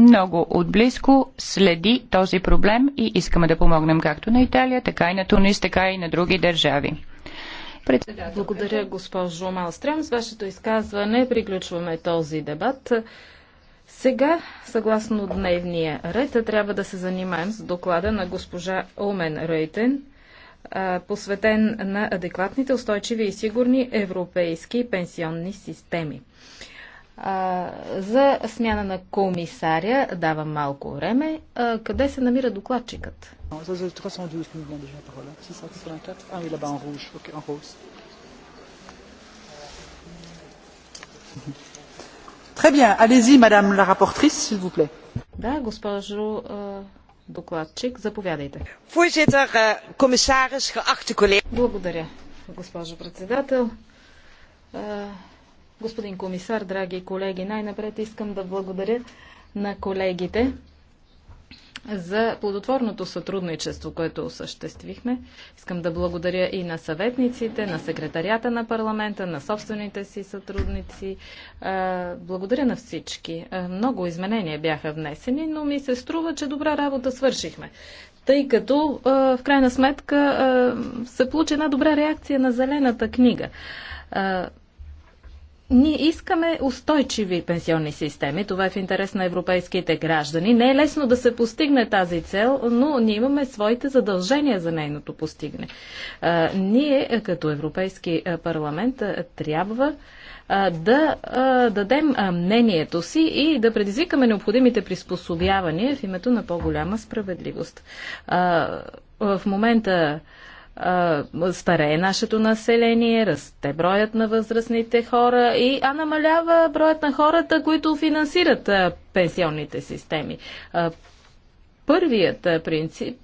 много отблизко следи този проблем и искаме да помогнем както на Италия, така и на Тунис, така и на други държави. Благодаря, госпожо Малстрем. С вашето изказване приключваме този дебат. Сега, съгласно дневния ред, трябва да се занимаем с доклада на госпожа Омен Рейтен, посветен на адекватните, устойчиви и сигурни европейски пенсионни системи. А, за смяна на комисаря давам малко време. А, къде се намира докладчикът? Très bien, allez-y, madame la rapportrice, s'il vous plaît. Да, госпожо докладчик, заповядайте. Voorzitter, commissaris, geachte Благодаря, госпожо председател. Господин комисар, драги колеги, най-напред искам да благодаря на колегите за плодотворното сътрудничество, което осъществихме. Искам да благодаря и на съветниците, на секретарията на парламента, на собствените си сътрудници. Благодаря на всички. Много изменения бяха внесени, но ми се струва, че добра работа свършихме. Тъй като в крайна сметка се получи една добра реакция на зелената книга ние искаме устойчиви пенсионни системи. Това е в интерес на европейските граждани. Не е лесно да се постигне тази цел, но ние имаме своите задължения за нейното постигне. А, ние, е, като Европейски парламент, трябва а, да а, дадем мнението си и да предизвикаме необходимите приспособявания в името на по-голяма справедливост. В момента старее нашето население, расте броят на възрастните хора, и, а намалява броят на хората, които финансират пенсионните системи. Първият принцип,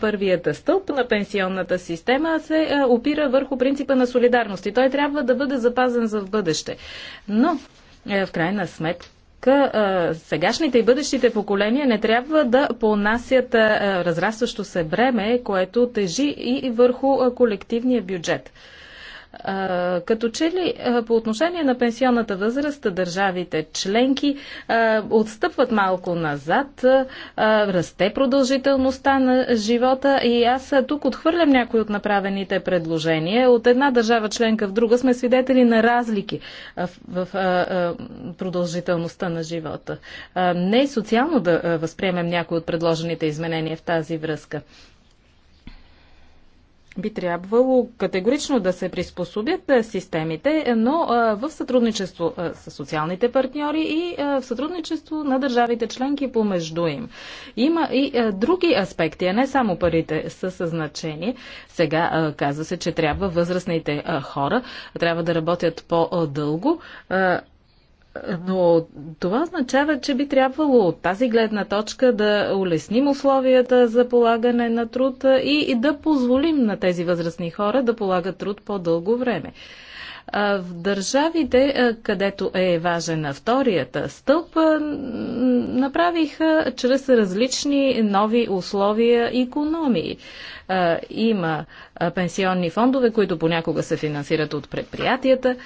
първият стълб на пенсионната система се опира върху принципа на солидарност и той трябва да бъде запазен за в бъдеще. Но е, в крайна сметка сегашните и бъдещите поколения не трябва да понасят разрастващо се бреме, което тежи и върху колективния бюджет като че ли по отношение на пенсионната възраст държавите членки отстъпват малко назад, расте продължителността на живота и аз тук отхвърлям някои от направените предложения. От една държава членка в друга сме свидетели на разлики в продължителността на живота. Не е социално да възприемем някои от предложените изменения в тази връзка би трябвало категорично да се приспособят е, системите, е, но е, в сътрудничество с социалните партньори и в сътрудничество на държавите членки помежду им. Има и други аспекти, а не само парите са със значение. Сега казва се, че трябва възрастните хора трябва да работят по-дълго но това означава, че би трябвало от тази гледна точка да улесним условията за полагане на труд и, и да позволим на тези възрастни хора да полагат труд по-дълго време. В държавите, където е важен вторият стълб, направиха чрез различни нови условия економии. Има пенсионни фондове, които понякога се финансират от предприятията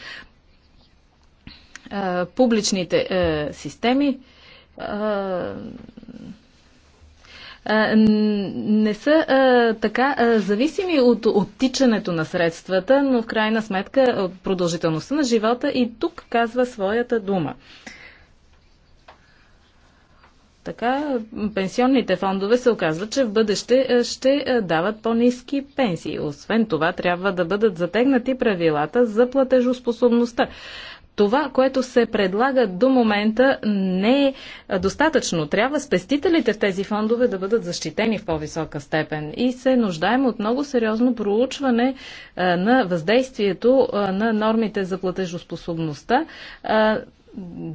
а, публичните а, системи а, не са а, така а, зависими от оттичането на средствата, но в крайна сметка от продължителността на живота и тук казва своята дума. Така пенсионните фондове се оказва, че в бъдеще ще дават по-низки пенсии. Освен това, трябва да бъдат затегнати правилата за платежоспособността това, което се предлага до момента, не е достатъчно. Трябва спестителите в тези фондове да бъдат защитени в по-висока степен и се нуждаем от много сериозно проучване на въздействието на нормите за платежоспособността.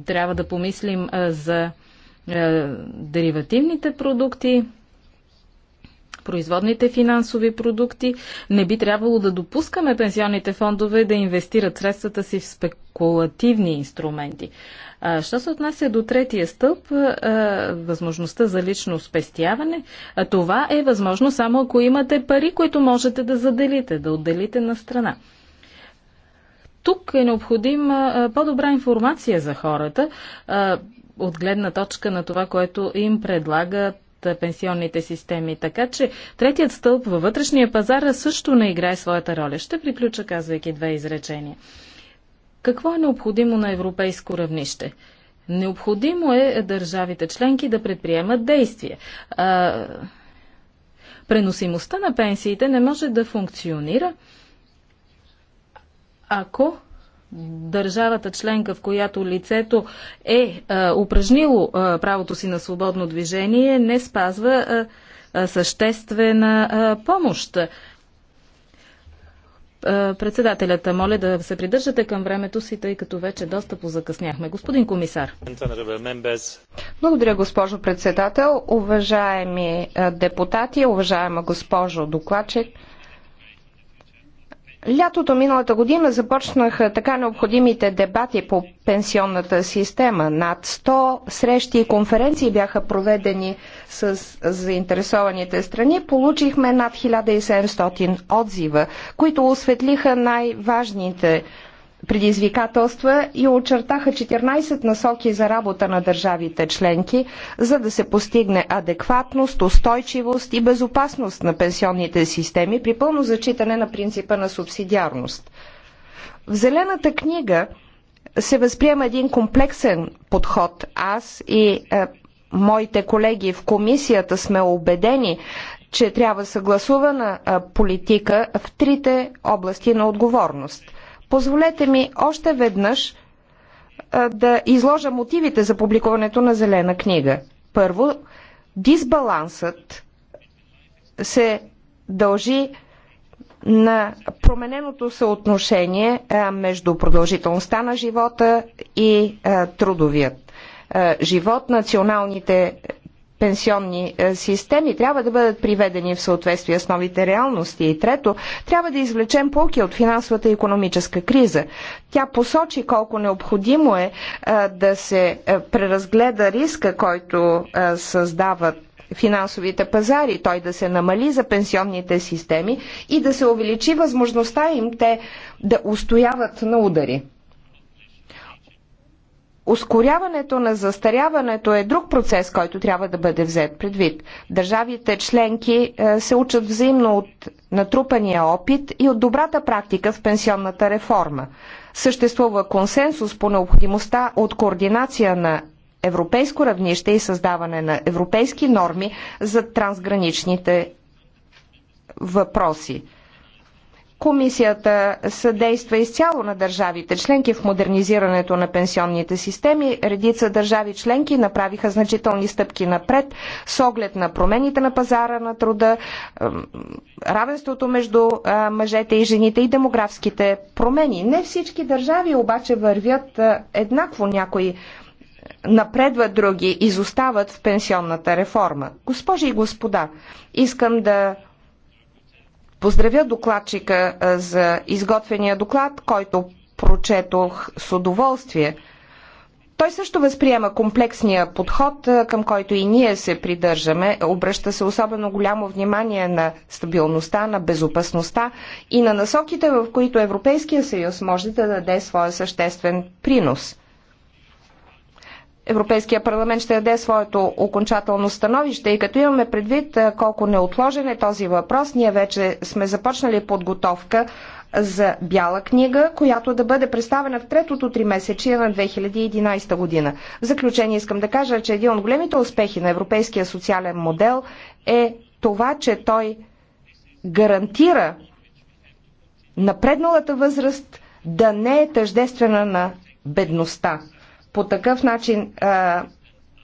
Трябва да помислим за деривативните продукти, производните финансови продукти. Не би трябвало да допускаме пенсионните фондове да инвестират средствата си в спекулативни инструменти. Що се отнася до третия стълб, възможността за лично спестяване, това е възможно само ако имате пари, които можете да заделите, да отделите на страна. Тук е необходима по-добра информация за хората от гледна точка на това, което им предлагат пенсионните системи. Така че третият стълб във вътрешния пазар също не играе своята роля. Ще приключа казвайки две изречения. Какво е необходимо на европейско равнище? Необходимо е държавите членки да предприемат действия. А, преносимостта на пенсиите не може да функционира, ако държавата членка, в която лицето е а, е, упражнило а, е, правото си на свободно движение, не спазва а, е, а, съществена а, помощ. Председателята, моля да се придържате към времето си, тъй като вече доста позакъсняхме. Господин комисар. Благодаря, госпожо председател. Уважаеми депутати, уважаема госпожо докладчик. Лятото миналата година започнаха така необходимите дебати по пенсионната система. Над 100 срещи и конференции бяха проведени с заинтересованите страни. Получихме над 1700 отзива, които осветлиха най-важните предизвикателства и очертаха 14 насоки за работа на държавите членки, за да се постигне адекватност, устойчивост и безопасност на пенсионните системи при пълно зачитане на принципа на субсидиарност. В Зелената книга се възприема един комплексен подход. Аз и е, моите колеги в комисията сме убедени, че трябва съгласувана е, политика в трите области на отговорност – Позволете ми още веднъж да изложа мотивите за публикуването на Зелена книга. Първо, дисбалансът се дължи на промененото съотношение между продължителността на живота и трудовият живот, националните пенсионни е, системи трябва да бъдат приведени в съответствие с новите реалности. И трето, трябва да извлечем полки от финансовата и економическа криза. Тя посочи колко необходимо е, е да се е, преразгледа риска, който създават финансовите пазари, той да се намали за пенсионните системи и да се увеличи възможността им те да устояват на удари. Ускоряването на застаряването е друг процес, който трябва да бъде взет предвид. Държавите членки е, се учат взаимно от натрупания опит и от добрата практика в пенсионната реформа. Съществува консенсус по необходимостта от координация на европейско равнище и създаване на европейски норми за трансграничните въпроси. Комисията съдейства изцяло на държавите членки в модернизирането на пенсионните системи. Редица държави членки направиха значителни стъпки напред с оглед на промените на пазара на труда, равенството между мъжете и жените и демографските промени. Не всички държави обаче вървят еднакво някои напредват други, изостават в пенсионната реформа. Госпожи и господа, искам да поздравя докладчика за изготвения доклад, който прочетох с удоволствие. Той също възприема комплексния подход, към който и ние се придържаме. Обръща се особено голямо внимание на стабилността, на безопасността и на насоките, в които Европейския съюз може да даде своя съществен принос – Европейския парламент ще даде своето окончателно становище и като имаме предвид колко неотложен е този въпрос, ние вече сме започнали подготовка за бяла книга, която да бъде представена в третото три месечия на 2011 година. В заключение искам да кажа, че един от големите успехи на европейския социален модел е това, че той гарантира напредналата възраст да не е тъждествена на бедността. По такъв начин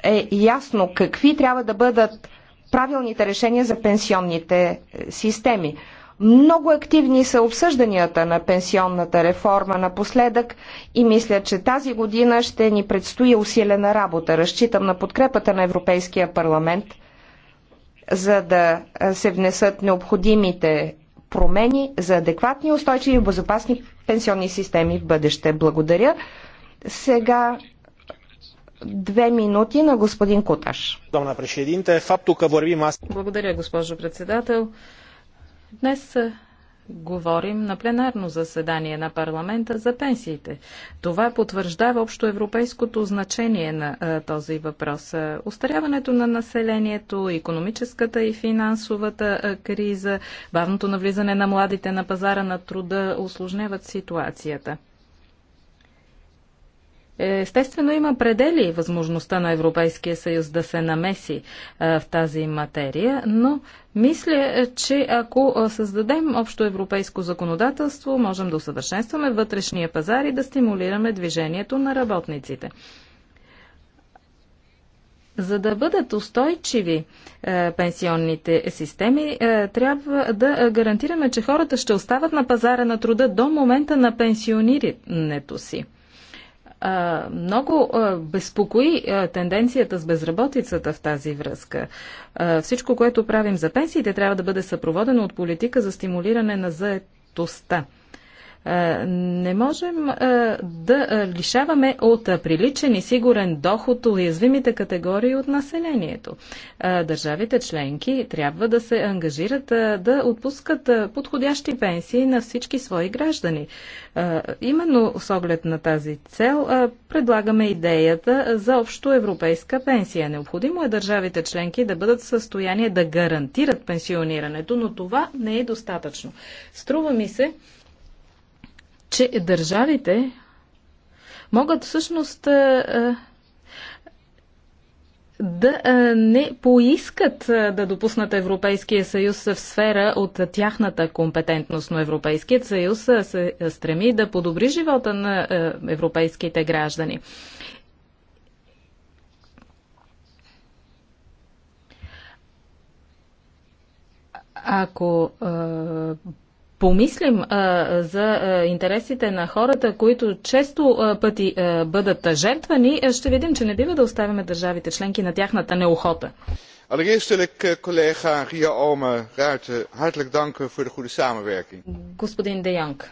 е ясно какви трябва да бъдат правилните решения за пенсионните е, системи. Много активни са обсъжданията на пенсионната реформа напоследък и мисля, че тази година ще ни предстои усилена работа. Разчитам на подкрепата на Европейския парламент, за да се внесат необходимите промени за адекватни, устойчиви и безопасни пенсионни системи в бъдеще. Благодаря. Сега две минути на господин Куташ. Благодаря, госпожо председател. Днес говорим на пленарно заседание на парламента за пенсиите. Това потвърждава общо европейското значение на а, този въпрос. Остаряването на населението, економическата и финансовата а, криза, бавното навлизане на младите на пазара на труда осложняват ситуацията. Естествено има предели възможността на Европейския съюз да се намеси в тази материя, но мисля, че ако създадем общо европейско законодателство, можем да усъвършенстваме вътрешния пазар и да стимулираме движението на работниците. За да бъдат устойчиви е, пенсионните системи, е, трябва да гарантираме, че хората ще остават на пазара на труда до момента на пенсионирането си много безпокои тенденцията с безработицата в тази връзка. Всичко, което правим за пенсиите, трябва да бъде съпроводено от политика за стимулиране на заетостта. Е, не можем е, да е, лишаваме от приличен и сигурен доход уязвимите категории от населението. Държавите членки трябва да се ангажират да отпускат подходящи пенсии на всички свои граждани. Именно с оглед на тази цел предлагаме идеята за общо европейска пенсия. Необходимо е държавите членки да бъдат в състояние да гарантират пенсионирането, но това не е достатъчно. Струва ми се, че държавите могат всъщност да не поискат да допуснат Европейския съюз в сфера от тяхната компетентност, но Европейският съюз се стреми да подобри живота на европейските граждани. Ако помислим а, за а, интересите на хората, които често а, пъти а, бъдат жертвани, ще видим, че не бива да оставяме държавите членки на тяхната неохота. Allereerst wil ik eh, collega Ria Ome Ruiten eh, hartelijk danken voor de goede samenwerking. Господин Де Йонг,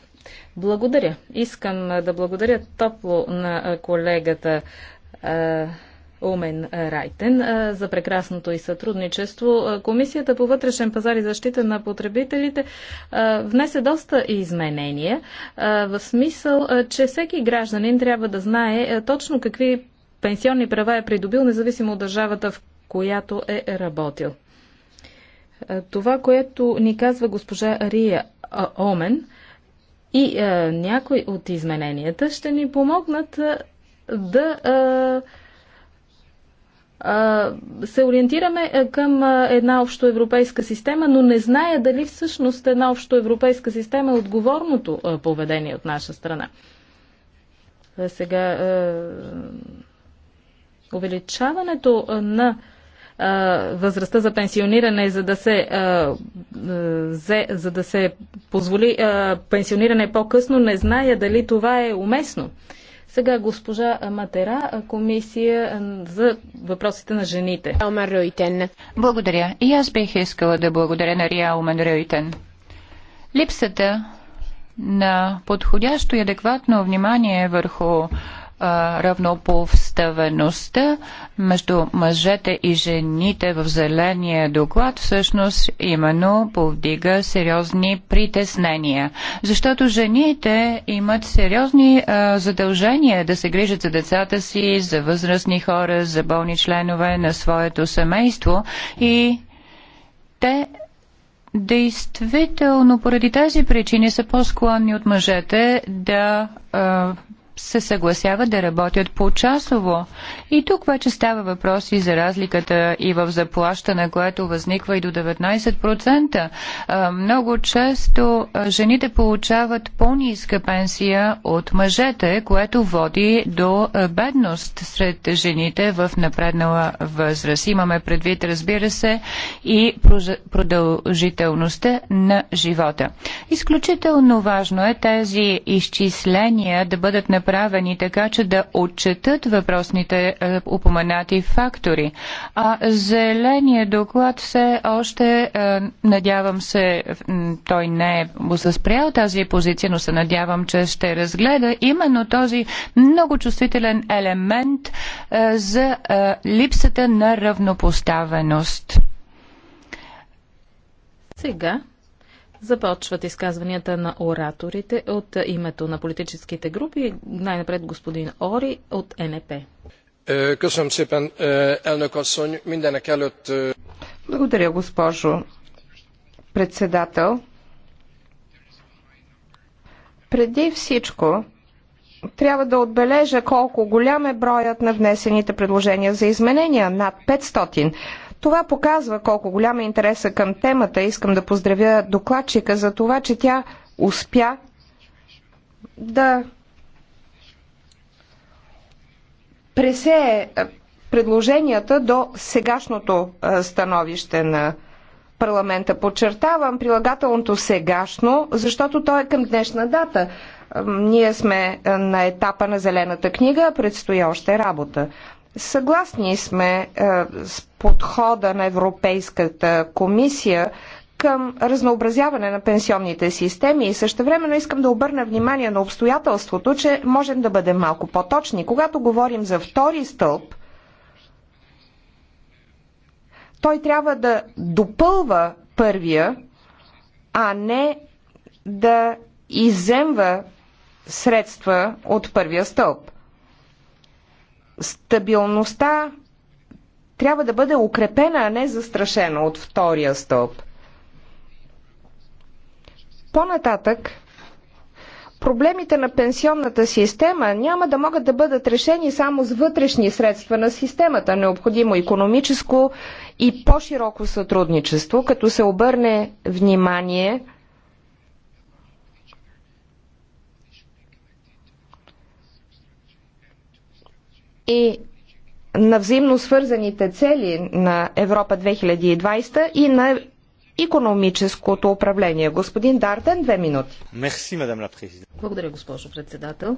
благодаря. Искам да благодаря топло на колегата Умен Райтен за прекрасното и сътрудничество. Комисията по вътрешен пазар и защита на потребителите внесе доста изменения в смисъл, че всеки гражданин трябва да знае точно какви пенсионни права е придобил, независимо от държавата, в която е работил. Това, което ни казва госпожа Рия Омен и някои от измененията ще ни помогнат да се ориентираме е, към една общоевропейска система, но не зная дали всъщност една общоевропейска система е отговорното поведение от наша страна. Сега увеличаването на възрастта за пенсиониране, за да се, за да се позволи пенсиониране по-късно, не зная дали това е уместно. Сега госпожа Матера, комисия за въпросите на жените. Благодаря. И аз бих искала да благодаря на Риа Умен Рейтен. Липсата на подходящо и адекватно внимание върху равнопоставеността между мъжете и жените в зеления доклад всъщност именно повдига сериозни притеснения. Защото жените имат сериозни а, задължения да се грижат за децата си, за възрастни хора, за болни членове на своето семейство и те действително поради тази причини са по-склонни от мъжете да а, се съгласяват да работят по-часово. И тук вече става въпрос и за разликата и в заплащане, което възниква и до 19%. Много често жените получават по низка пенсия от мъжете, което води до бедност сред жените в напреднала възраст. Имаме предвид, разбира се, и продължителността на живота. Изключително важно е тези изчисления да бъдат направени направени така, че да отчетат въпросните е, упоменати фактори. А зеления доклад все още, е, надявам се, той не е заспрял тази позиция, но се надявам, че ще разгледа именно този много чувствителен елемент е, за липсата на равнопоставеност. Сега Започват изказванията на ораторите от името на политическите групи. Най-напред господин Ори от НП. Е, е, е. Благодаря, госпожо председател. Преди всичко, трябва да отбележа колко голям е броят на внесените предложения за изменения над 500. Това показва колко голям е интереса към темата. Искам да поздравя докладчика за това, че тя успя да пресее е, предложенията до сегашното е, становище на парламента. Подчертавам прилагателното сегашно, защото то е към днешна дата. Ние сме е, на етапа на зелената книга, предстои още работа. Съгласни сме е, с подхода на Европейската комисия към разнообразяване на пенсионните системи и същевременно искам да обърна внимание на обстоятелството, че можем да бъдем малко по-точни. Когато говорим за втори стълб, той трябва да допълва първия, а не да иземва средства от първия стълб стабилността трябва да бъде укрепена, а не застрашена от втория стълб. По-нататък, проблемите на пенсионната система няма да могат да бъдат решени само с вътрешни средства на системата. Необходимо економическо и по-широко сътрудничество, като се обърне внимание – и на взаимно свързаните цели на Европа 2020 и на економическото управление. Господин Дартен, две минути. Мерси, мадам ла Благодаря, госпожо председател.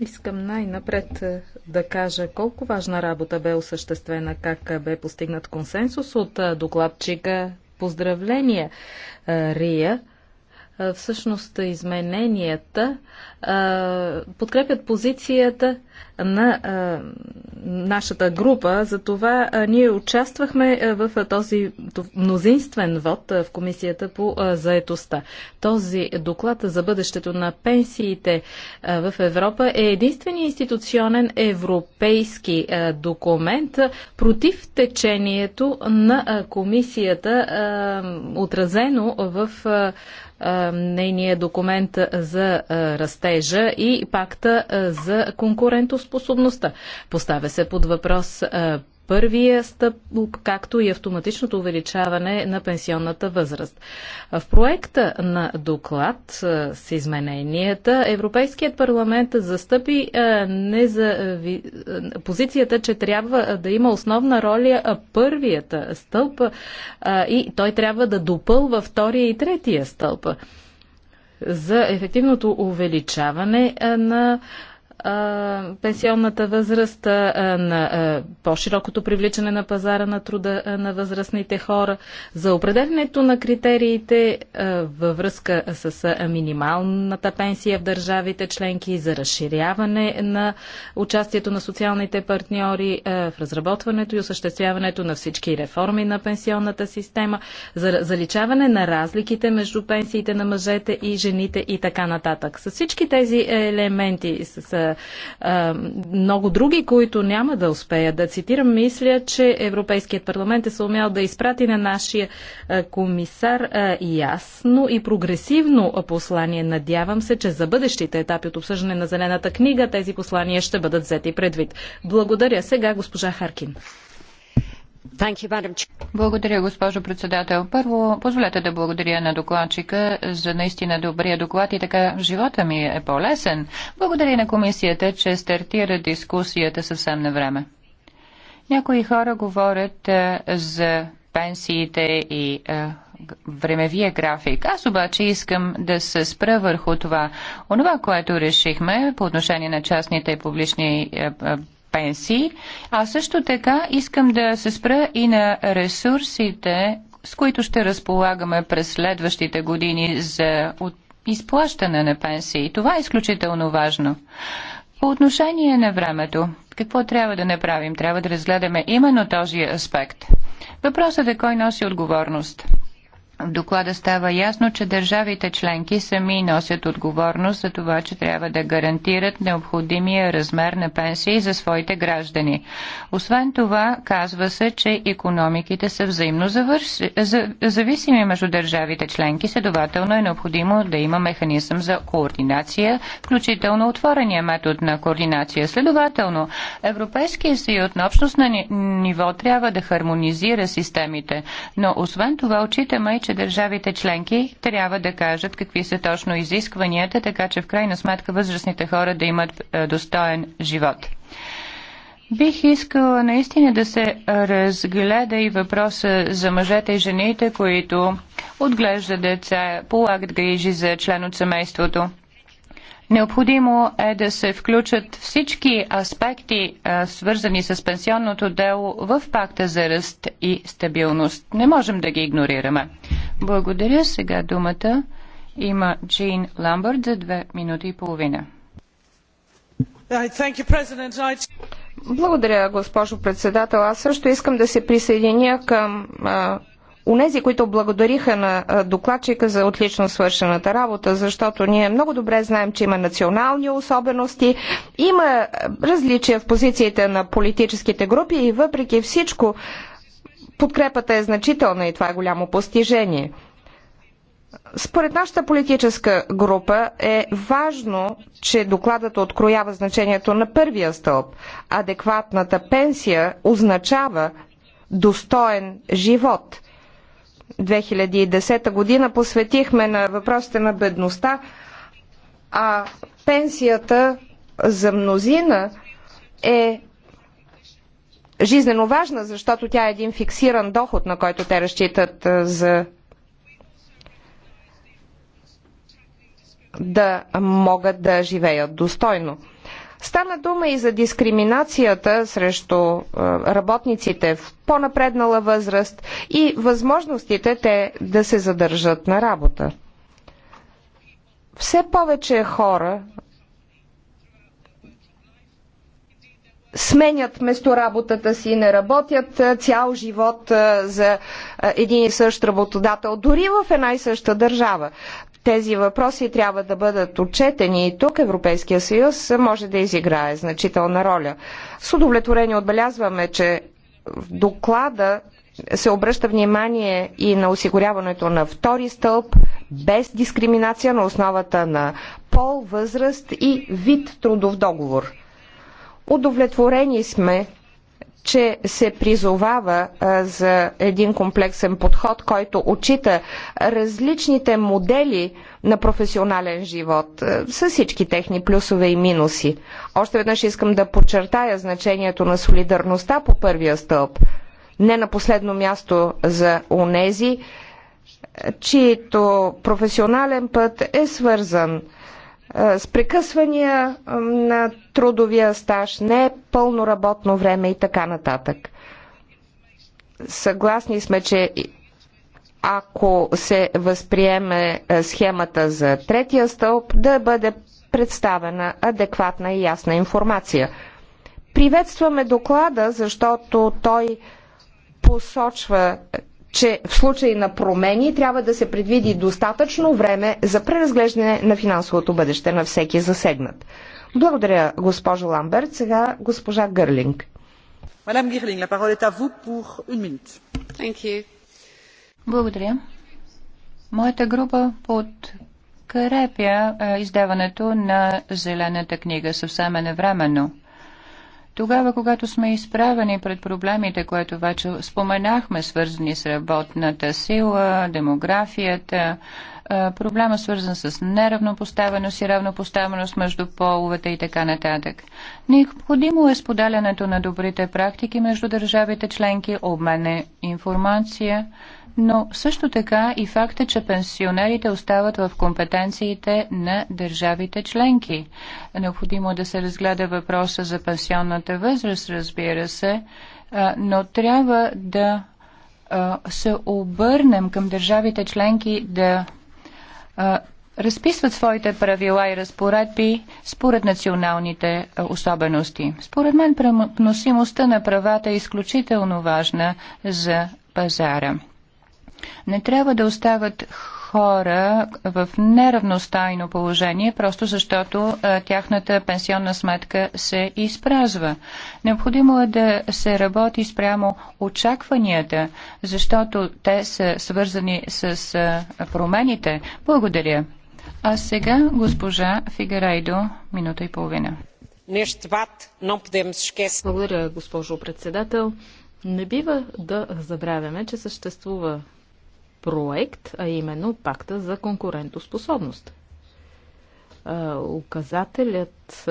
Искам най-напред е, да кажа колко важна работа бе осъществена, как е, бе постигнат консенсус от е, докладчика. Поздравления, Рия всъщност измененията подкрепят позицията на нашата група. Затова ние участвахме в този мнозинствен вод в Комисията по заетостта. Този доклад за бъдещето на пенсиите в Европа е единствения институционен европейски документ против течението на Комисията, отразено в нейния документ за растежа и пакта за конкурентоспособността. Поставя се под въпрос първия стъп, както и автоматичното увеличаване на пенсионната възраст. В проекта на доклад с измененията Европейският парламент застъпи не за позицията, че трябва да има основна роля първият стълб и той трябва да допълва втория и третия стълб за ефективното увеличаване на пенсионната възраст, на по-широкото привличане на пазара на труда на възрастните хора, за определенето на критериите във връзка с минималната пенсия в държавите членки, за разширяване на участието на социалните партньори в разработването и осъществяването на всички реформи на пенсионната система, за заличаване на разликите между пенсиите на мъжете и жените и така нататък. С всички тези елементи, с а, много други, които няма да успея да цитирам, мисля, че Европейският парламент е съумял да изпрати на нашия комисар а, ясно и прогресивно послание. Надявам се, че за бъдещите етапи от обсъждане на Зелената книга тези послания ще бъдат взети предвид. Благодаря сега госпожа Харкин. Благодаря, госпожо председател. Първо, позволете да благодаря на докладчика за наистина добрия доклад и така живота ми е по-лесен. Благодаря на комисията, че стартира дискусията съвсем на време. Някои хора говорят а, е, за пенсиите и а, е, времевия график. Аз обаче искам да се спра върху това. Онова, което решихме по отношение на частните и публични е, пенсии, а също така искам да се спра и на ресурсите, с които ще разполагаме през следващите години за изплащане на пенсии. Това е изключително важно. По отношение на времето, какво трябва да направим? Трябва да разгледаме именно този аспект. Въпросът е кой носи отговорност. В доклада става ясно, че държавите членки сами носят отговорност за това, че трябва да гарантират необходимия размер на пенсии за своите граждани. Освен това, казва се, че економиките са взаимно завърш... зависими между държавите членки, следователно е необходимо да има механизъм за координация, включително отворения метод на координация. Следователно, Европейския съюз на общностно ниво трябва да хармонизира системите, но освен това отчитаме че държавите членки трябва да кажат какви са точно изискванията, така че в крайна сметка възрастните хора да имат е, достоен живот. Бих искала наистина да се разгледа и въпроса за мъжете и жените, които отглеждат деца, полагат грижи за член от семейството. Необходимо е да се включат всички аспекти, е, свързани с пенсионното дело в пакта за ръст и стабилност. Не можем да ги игнорираме. Благодаря. Сега думата има Джин Ламбърт за две минути и половина. Благодаря, госпожо председател. Аз също искам да се присъединя към унези, които благодариха на докладчика за отлично свършената работа, защото ние много добре знаем, че има национални особености, има различия в позициите на политическите групи и въпреки всичко Подкрепата е значителна и това е голямо постижение. Според нашата политическа група е важно, че докладът откроява значението на първия стълб. Адекватната пенсия означава достоен живот. 2010 година посветихме на въпросите на бедността, а пенсията за мнозина е жизнено важна, защото тя е един фиксиран доход, на който те разчитат за да могат да живеят достойно. Стана дума и за дискриминацията срещу работниците в по-напреднала възраст и възможностите те да се задържат на работа. Все повече хора сменят местоработата си, не работят цял живот за един и същ работодател, дори в една и съща държава. Тези въпроси трябва да бъдат отчетени и тук Европейския съюз може да изиграе значителна роля. С удовлетворение отбелязваме, че в доклада се обръща внимание и на осигуряването на втори стълб без дискриминация на основата на пол, възраст и вид трудов договор. Удовлетворени сме, че се призовава за един комплексен подход, който отчита различните модели на професионален живот с всички техни плюсове и минуси. Още веднъж искам да подчертая значението на солидарността по първия стълб. Не на последно място за онези, чието професионален път е свързан е, с прекъсвания на трудовия стаж, не пълно работно време и така нататък. Съгласни сме, че ако се възприеме е, схемата за третия стълб, да бъде представена адекватна и ясна информация. Приветстваме доклада, защото той посочва че в случай на промени трябва да се предвиди достатъчно време за преразглеждане на финансовото бъдеще на всеки засегнат. Благодаря, госпожо Ламберт. Сега госпожа Гърлинг. Мадам Гирлинг, la parole est à vous pour une minute. Thank you. Благодаря. Моята група подкрепя е, издаването на Зелената книга съвсем е невременно. Тогава, когато сме изправени пред проблемите, които вече споменахме, свързани с работната сила, демографията, проблема свързан с неравнопоставеност и равнопоставеност между половете и така нататък. Необходимо е споделянето на добрите практики между държавите членки, обмене информация, но също така и факта, че пенсионерите остават в компетенциите на държавите членки. Необходимо да се разгледа въпроса за пенсионната възраст, разбира се, но трябва да се обърнем към държавите членки да разписват своите правила и разпоредби според националните особености. Според мен преносимостта на правата е изключително важна за пазара. Не трябва да остават хора в неравностайно положение, просто защото а, тяхната пенсионна сметка се изпразва. Необходимо е да се работи спрямо очакванията, защото те са свързани с а, промените. Благодаря. А сега госпожа Фигарайдо, минута и половина. Благодаря, госпожо председател. Не бива да забравяме, че съществува проект, а именно пакта за конкурентоспособност. Указателят,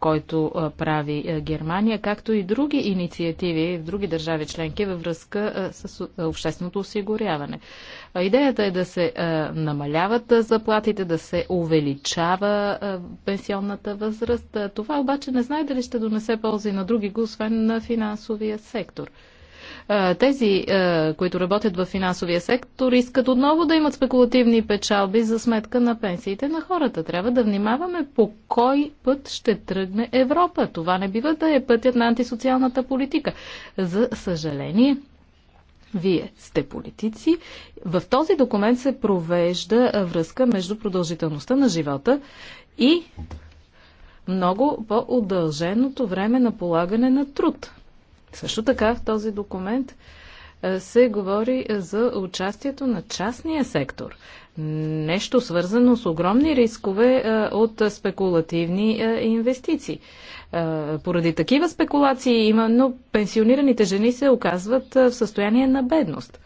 който прави Германия, както и други инициативи в други държави членки във връзка с общественото осигуряване. Идеята е да се намаляват заплатите, да се увеличава пенсионната възраст. Това обаче не знае дали ще донесе ползи на други, освен на финансовия сектор. Е, тези, е, които работят в финансовия сектор, искат отново да имат спекулативни печалби за сметка на пенсиите на хората. Трябва да внимаваме по кой път ще тръгне Европа. Това не бива да е пътят на антисоциалната политика. За съжаление, вие сте политици. В този документ се провежда връзка между продължителността на живота и много по-удълженото време на полагане на труд. Също така в този документ е, се говори е, за участието на частния сектор. Нещо свързано с огромни рискове е, от спекулативни инвестиции. Поради такива спекулации именно пенсионираните жени се оказват в състояние на бедност.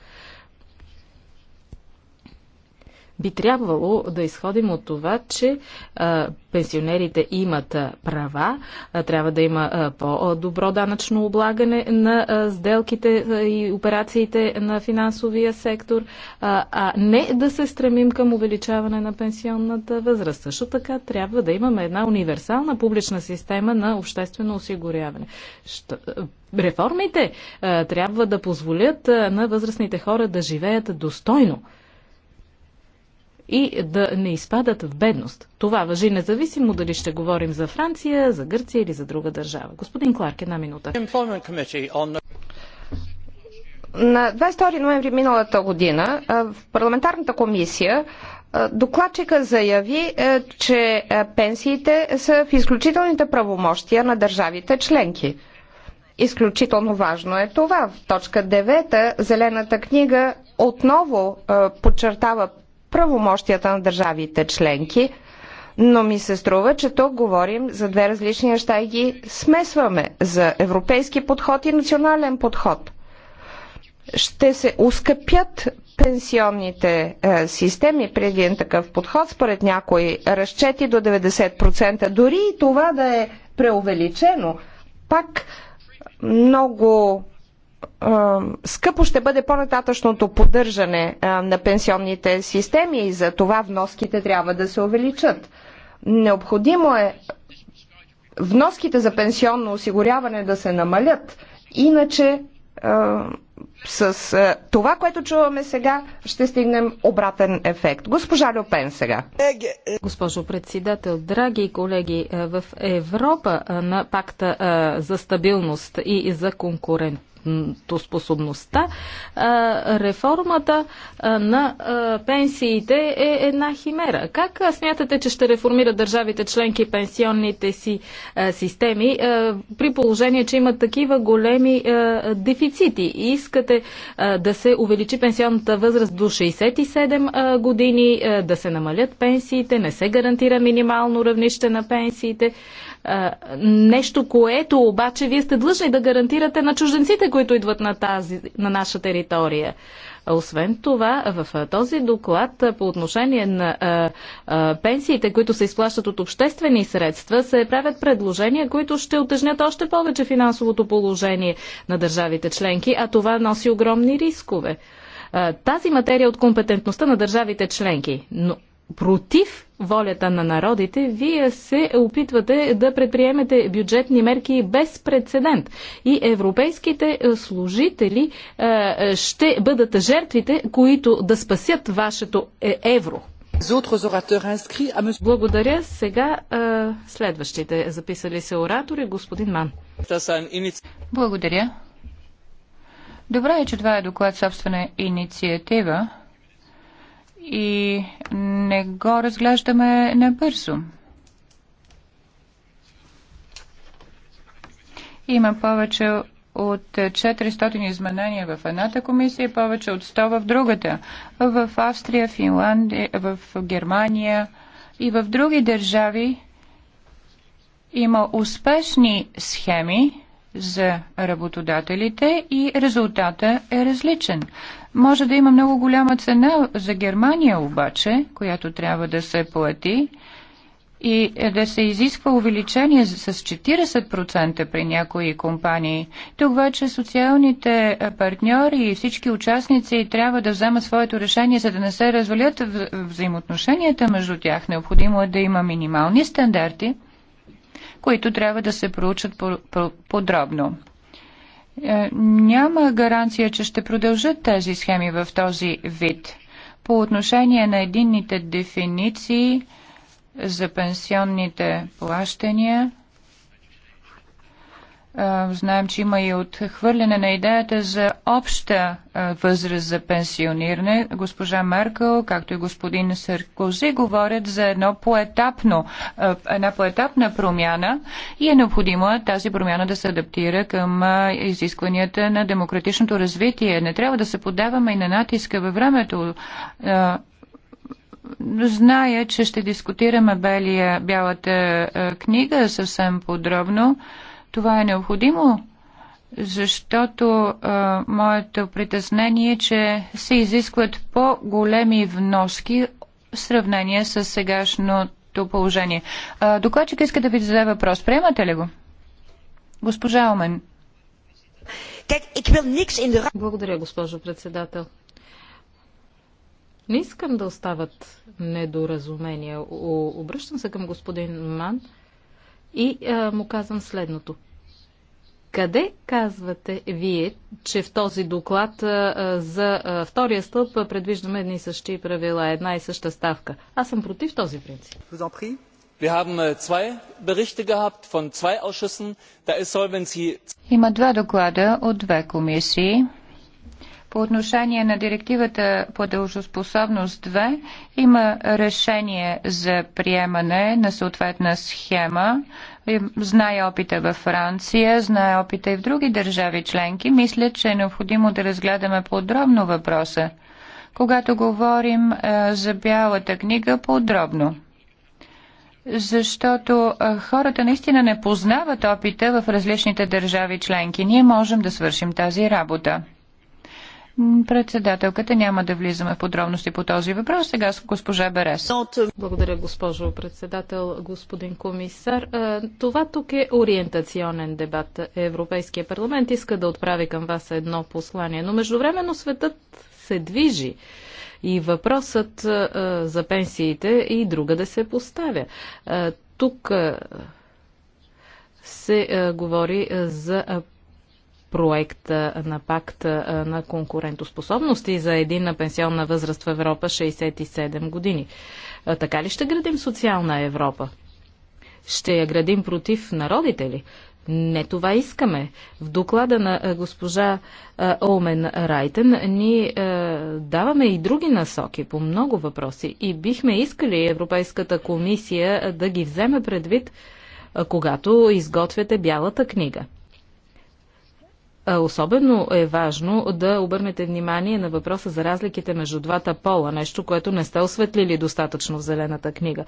Би трябвало да изходим от това, че а, пенсионерите имат права, а, трябва да има по-добро данъчно облагане на а, сделките и операциите на финансовия сектор, а, а не да се стремим към увеличаване на пенсионната възраст. Също така трябва да имаме една универсална публична система на обществено осигуряване. Що, реформите а, трябва да позволят а, на възрастните хора да живеят достойно и да не изпадат в бедност. Това въжи независимо дали ще говорим за Франция, за Гърция или за друга държава. Господин Кларк, една минута. На 22 ноември миналата година в парламентарната комисия докладчика заяви, е, че пенсиите са в изключителните правомощия на държавите членки. Изключително важно е това. В точка 9 Зелената книга отново подчертава правомощията на държавите членки, но ми се струва, че тук говорим за две различни неща и ги смесваме за европейски подход и национален подход. Ще се ускъпят пенсионните е, системи преди един такъв подход, според някои разчети до 90%. Дори и това да е преувеличено, пак много скъпо ще бъде по-нататъчното поддържане на пенсионните системи и за това вноските трябва да се увеличат. Необходимо е вноските за пенсионно осигуряване да се намалят, иначе с това, което чуваме сега, ще стигнем обратен ефект. Госпожа Люпен сега. Госпожо председател, драги колеги, в Европа на пакта за стабилност и за конкурент Способността, реформата на пенсиите е една химера. Как смятате, че ще реформират държавите членки пенсионните си системи при положение, че имат такива големи дефицити? И искате да се увеличи пенсионната възраст до 67 години, да се намалят пенсиите, не се гарантира минимално равнище на пенсиите. Нещо, което обаче вие сте длъжни да гарантирате на чужденците, които идват на, тази, на наша територия. Освен това, в този доклад по отношение на а, а, пенсиите, които се изплащат от обществени средства, се правят предложения, които ще отежнят още повече финансовото положение на държавите членки, а това носи огромни рискове. А, тази материя от компетентността на държавите членки. Но против волята на народите, вие се опитвате да предприемете бюджетни мерки без прецедент. И европейските служители е, е, ще бъдат жертвите, които да спасят вашето е, евро. Благодаря. Сега следващите записали се оратори. Господин Ман. Благодаря. Добре е, че това е доклад собствена инициатива и не го разглеждаме набързо. Има повече от 400 изменения в едната комисия и повече от 100 в другата. В Австрия, Финландия, в Германия и в други държави има успешни схеми за работодателите и резултата е различен. Може да има много голяма цена за Германия обаче, която трябва да се плати и да се изисква увеличение с 40% при някои компании. Тук вече социалните партньори и всички участници трябва да вземат своето решение, за да не се развалят взаимоотношенията между тях. Необходимо е да има минимални стандарти, които трябва да се проучат подробно. Е, няма гаранция, че ще продължат тези схеми в този вид. По отношение на единните дефиниции за пенсионните плащания, Знаем, че има и отхвърляне на идеята за обща възраст за пенсиониране. Госпожа Меркел, както и господин Саркози, говорят за едно поетапно, една поетапна промяна и е необходимо тази промяна да се адаптира към изискванията на демократичното развитие. Не трябва да се подаваме и на натиска във времето зная, че ще дискутираме белия, бялата книга съвсем подробно. Това е необходимо, защото а, моето притеснение е, че се изискват по-големи вноски в сравнение с сегашното положение. А, докладчик иска да ви зададе въпрос. Приемате ли го? Госпожа Омен. Благодаря, госпожо председател. Не искам да остават недоразумения. Обръщам се към господин Ман и а, му казвам следното. Къде казвате вие, че в този доклад а, за а, втория стълб предвиждаме едни и същи правила, една и съща ставка? Аз съм против този принцип. Има два доклада от две комисии. По отношение на директивата по дължоспособност 2 има решение за приемане на съответна схема. Знае опита във Франция, знае опита и в други държави членки. Мисля, че е необходимо да разгледаме подробно въпроса, когато говорим е, за бялата книга подробно защото е, хората наистина не познават опита в различните държави членки. Ние можем да свършим тази работа. Председателката няма да влизаме в подробности по този въпрос. Сега с госпожа Берес. Благодаря, госпожо председател, господин комисар. Е, това тук е ориентационен дебат. Европейския парламент иска да отправи към вас едно послание, но междувременно светът се движи. И въпросът е, за пенсиите и друга да се поставя. Е, тук се говори за проекта на пакта на конкурентоспособности за един на пенсионна възраст в Европа 67 години. Така ли ще градим социална Европа? Ще я градим против народите ли? Не това искаме. В доклада на госпожа Олмен Райтен ни даваме и други насоки по много въпроси и бихме искали Европейската комисия да ги вземе предвид, когато изготвяте бялата книга. Особено е важно да обърнете внимание на въпроса за разликите между двата пола, нещо, което не сте осветлили достатъчно в Зелената книга.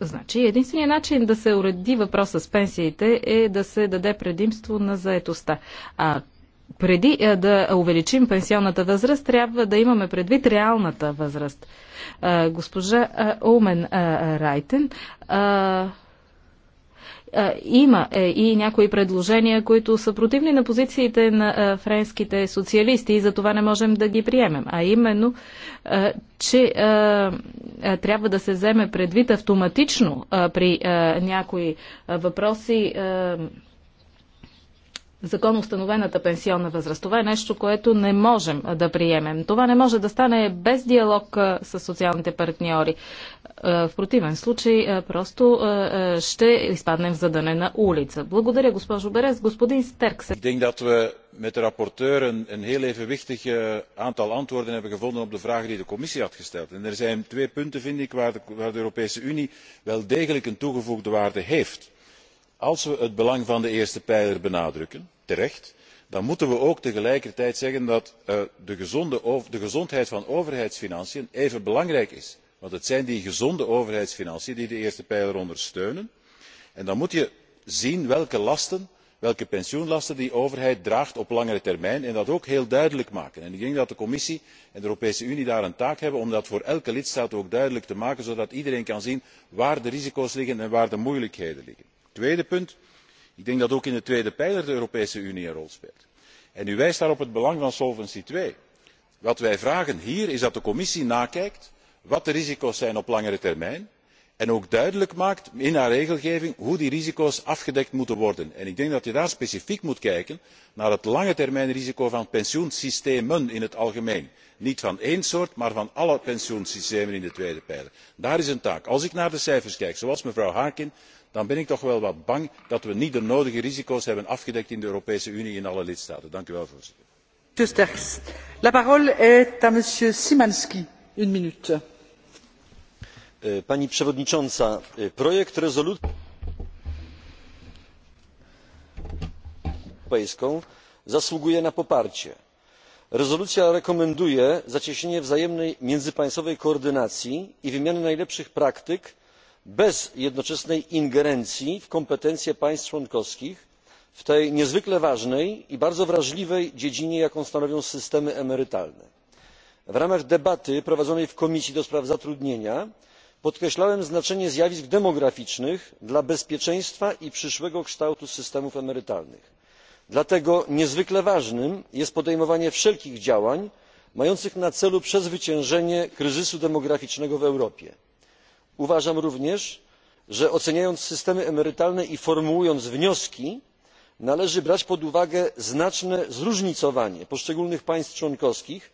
Значи, единственият начин да се уреди въпроса с пенсиите е да се даде предимство на заетостта. А преди да увеличим пенсионната възраст, трябва да имаме предвид реалната възраст. Госпожа Омен Райтен е, има е, и някои предложения, които са противни на позициите на е, френските социалисти и за това не можем да ги приемем. А именно, че трябва да се вземе предвид автоматично при някои въпроси законоустановената пенсионна възраст. Това е нещо, което не можем да приемем. Това не може да стане без диалог с социалните партньори. В противен случай просто ще изпаднем в задънена улица. Благодаря, госпожо Берез. Господин Стеркс. Ik denk dat we met de rapporteur een, een heel evenwichtig aantal antwoorden hebben gevonden op de vragen die de commissie had gesteld. En er zijn twee punten, vind ik, waar de, waar de Europese Unie wel degelijk een toegevoegde waarde heeft als we het belang van de eerste pijler benadrukken terecht dan moeten we ook tegelijkertijd zeggen dat de gezondheid van overheidsfinanciën even belangrijk is want het zijn die gezonde overheidsfinanciën die de eerste pijler ondersteunen en dan moet je zien welke lasten, welke pensioenlasten die overheid draagt op langere termijn en dat ook heel duidelijk maken. ik denk dat de commissie en de europese unie daar een taak hebben om dat voor elke lidstaat ook duidelijk te maken zodat iedereen kan zien waar de risico's liggen en waar de moeilijkheden tweede punt ik denk dat ook in de tweede pijler de europese unie een rol speelt. En u wijst daar op het belang van solvency ii. wat wij vragen hier is dat de commissie nakijkt wat de risico's zijn op langere termijn en ook duidelijk maakt in haar regelgeving hoe die risico's afgedekt moeten worden. ik denk dat je daar specifiek moet kijken naar het langetermijnrisico van pensioensystemen in het algemeen niet van één soort maar van alle pensioensystemen in de tweede pijler. daar is een taak. als ik naar de cijfers kijk zoals mevrouw harkin dan ben ik toch wel wat bang dat we niet de nodige risico's hebben afgedekt in de europese unie in alle lidstaten. voorzitter. pani przewodnicząca! projekt rezolucji europejską zasługuje na poparcie. rezolucja rekomenduje zacieśnienie wzajemnej międzypaństwowej koordynacji i wymiany najlepszych praktyk bez jednoczesnej ingerencji w kompetencje państw członkowskich w tej niezwykle ważnej i bardzo wrażliwej dziedzinie jaką stanowią systemy emerytalne. w ramach debaty prowadzonej w komisji do spraw zatrudnienia podkreślałem znaczenie zjawisk demograficznych dla bezpieczeństwa i przyszłego kształtu systemów emerytalnych. dlatego niezwykle ważne jest podejmowanie wszelkich działań mających na celu przezwyciężenie kryzysu demograficznego w europie uważam również że oceniając systemy emerytalne i formułując wnioski należy brać pod uwagę znaczne zróżnicowanie poszczególnych państw członkowskich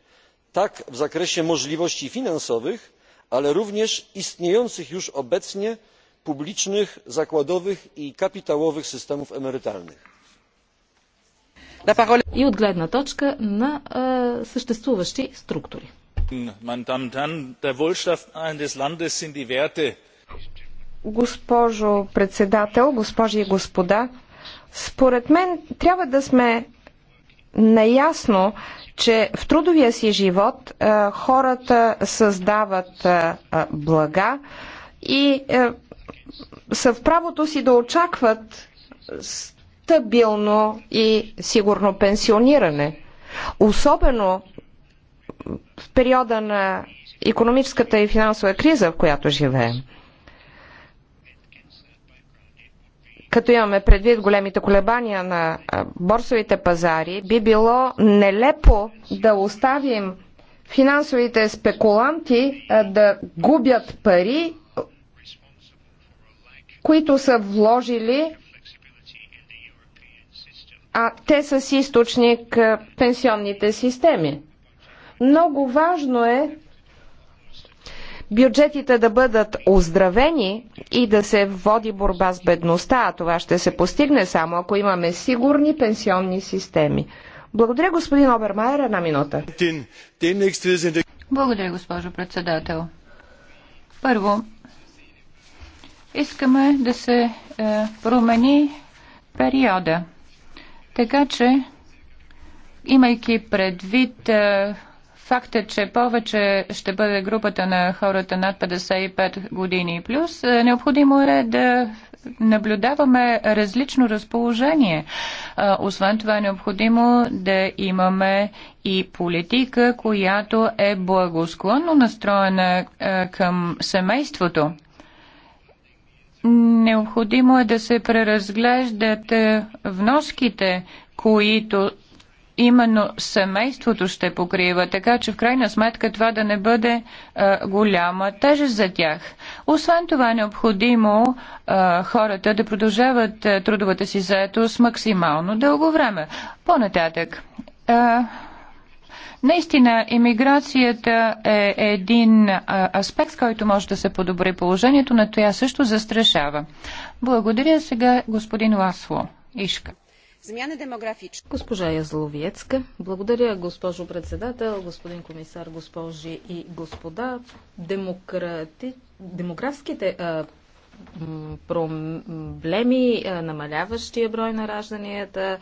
tak w zakresie możliwości finansowych ale również istniejących już obecnie publicznych zakładowych i kapitałowych systemów emerytalnych. точка на съществуващи структури. Госпожо председател, госпожи и господа, според мен трябва да сме наясно, че в трудовия си живот а, е, хората създават а, е, е, блага и а, са в правото си да очакват стабилно и сигурно пенсиониране. Особено в периода на економическата и финансова криза, в която живеем. Като имаме предвид големите колебания на борсовите пазари, би било нелепо да оставим финансовите спекуланти да губят пари, които са вложили, а те са си източник пенсионните системи. Много важно е бюджетите да бъдат оздравени и да се води борба с бедността, а това ще се постигне само ако имаме сигурни пенсионни системи. Благодаря, господин Обермайер. Една минута. Благодаря, госпожо председател. Първо, искаме да се е, промени периода. Така че, имайки предвид е, Факт е, че повече ще бъде групата на хората над 55 години и плюс. Е, необходимо е да наблюдаваме различно разположение. Е, освен това е необходимо да имаме и политика, която е благосклонно настроена е, към семейството. Необходимо е да се преразглеждат вноските, които именно семейството ще покрива, така че в крайна сметка това да не бъде а, е, голяма тежест за тях. Освен това е необходимо а, е, хората да продължават а, е, трудовата си заетост максимално дълго време. По-нататък. А, Наистина, иммиграцията е един аспект, с който може да се подобри положението, но тя също застрашава. Благодаря сега господин Ласло Ишка. Zmiany demograficzne. Госпожа Язловецка. Благодаря, госпожо председател, господин комисар, госпожи и господа. Демократи... Демографските а, проблеми, намаляващия брой на ражданията,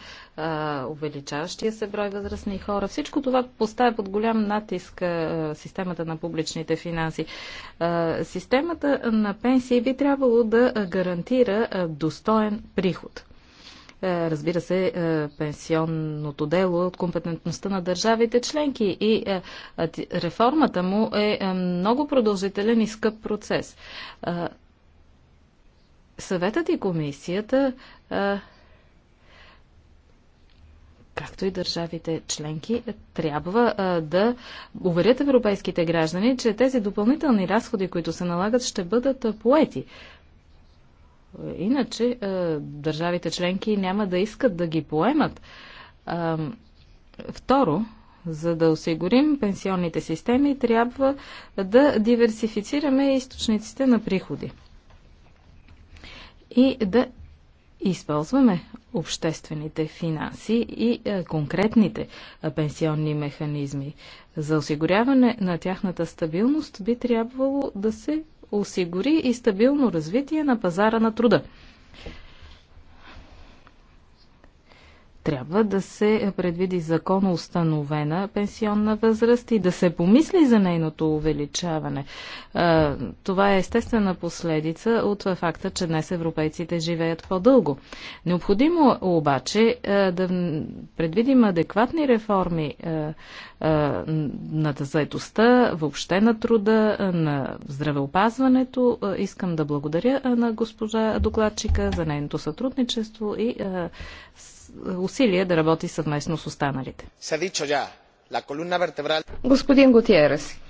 увеличаващия се брой възрастни хора. Всичко това поставя под голям натиск системата на публичните финанси. Системата на пенсии би трябвало да гарантира достоен приход. Е, разбира се, е, пенсионното дело е от компетентността на държавите членки и реформата му е много продължителен и скъп процес. Съветът и комисията както и държавите членки, трябва да уверят европейските граждани, че тези допълнителни разходи, които се налагат, ще бъдат поети. Иначе е, държавите членки няма да искат да ги поемат. Е, второ, за да осигурим пенсионните системи, трябва да диверсифицираме източниците на приходи и да използваме обществените финанси и е, конкретните пенсионни механизми. За осигуряване на тяхната стабилност би трябвало да се осигури и стабилно развитие на пазара на труда. Трябва да се предвиди законно установена пенсионна възраст и да се помисли за нейното увеличаване. Това е естествена последица от факта, че днес европейците живеят по-дълго. Необходимо обаче да предвидим адекватни реформи на заедостта, въобще на труда, на здравеопазването. Искам да благодаря на госпожа докладчика за нейното сътрудничество и усилия да работи съвместно с останалите. Господин Готиерес,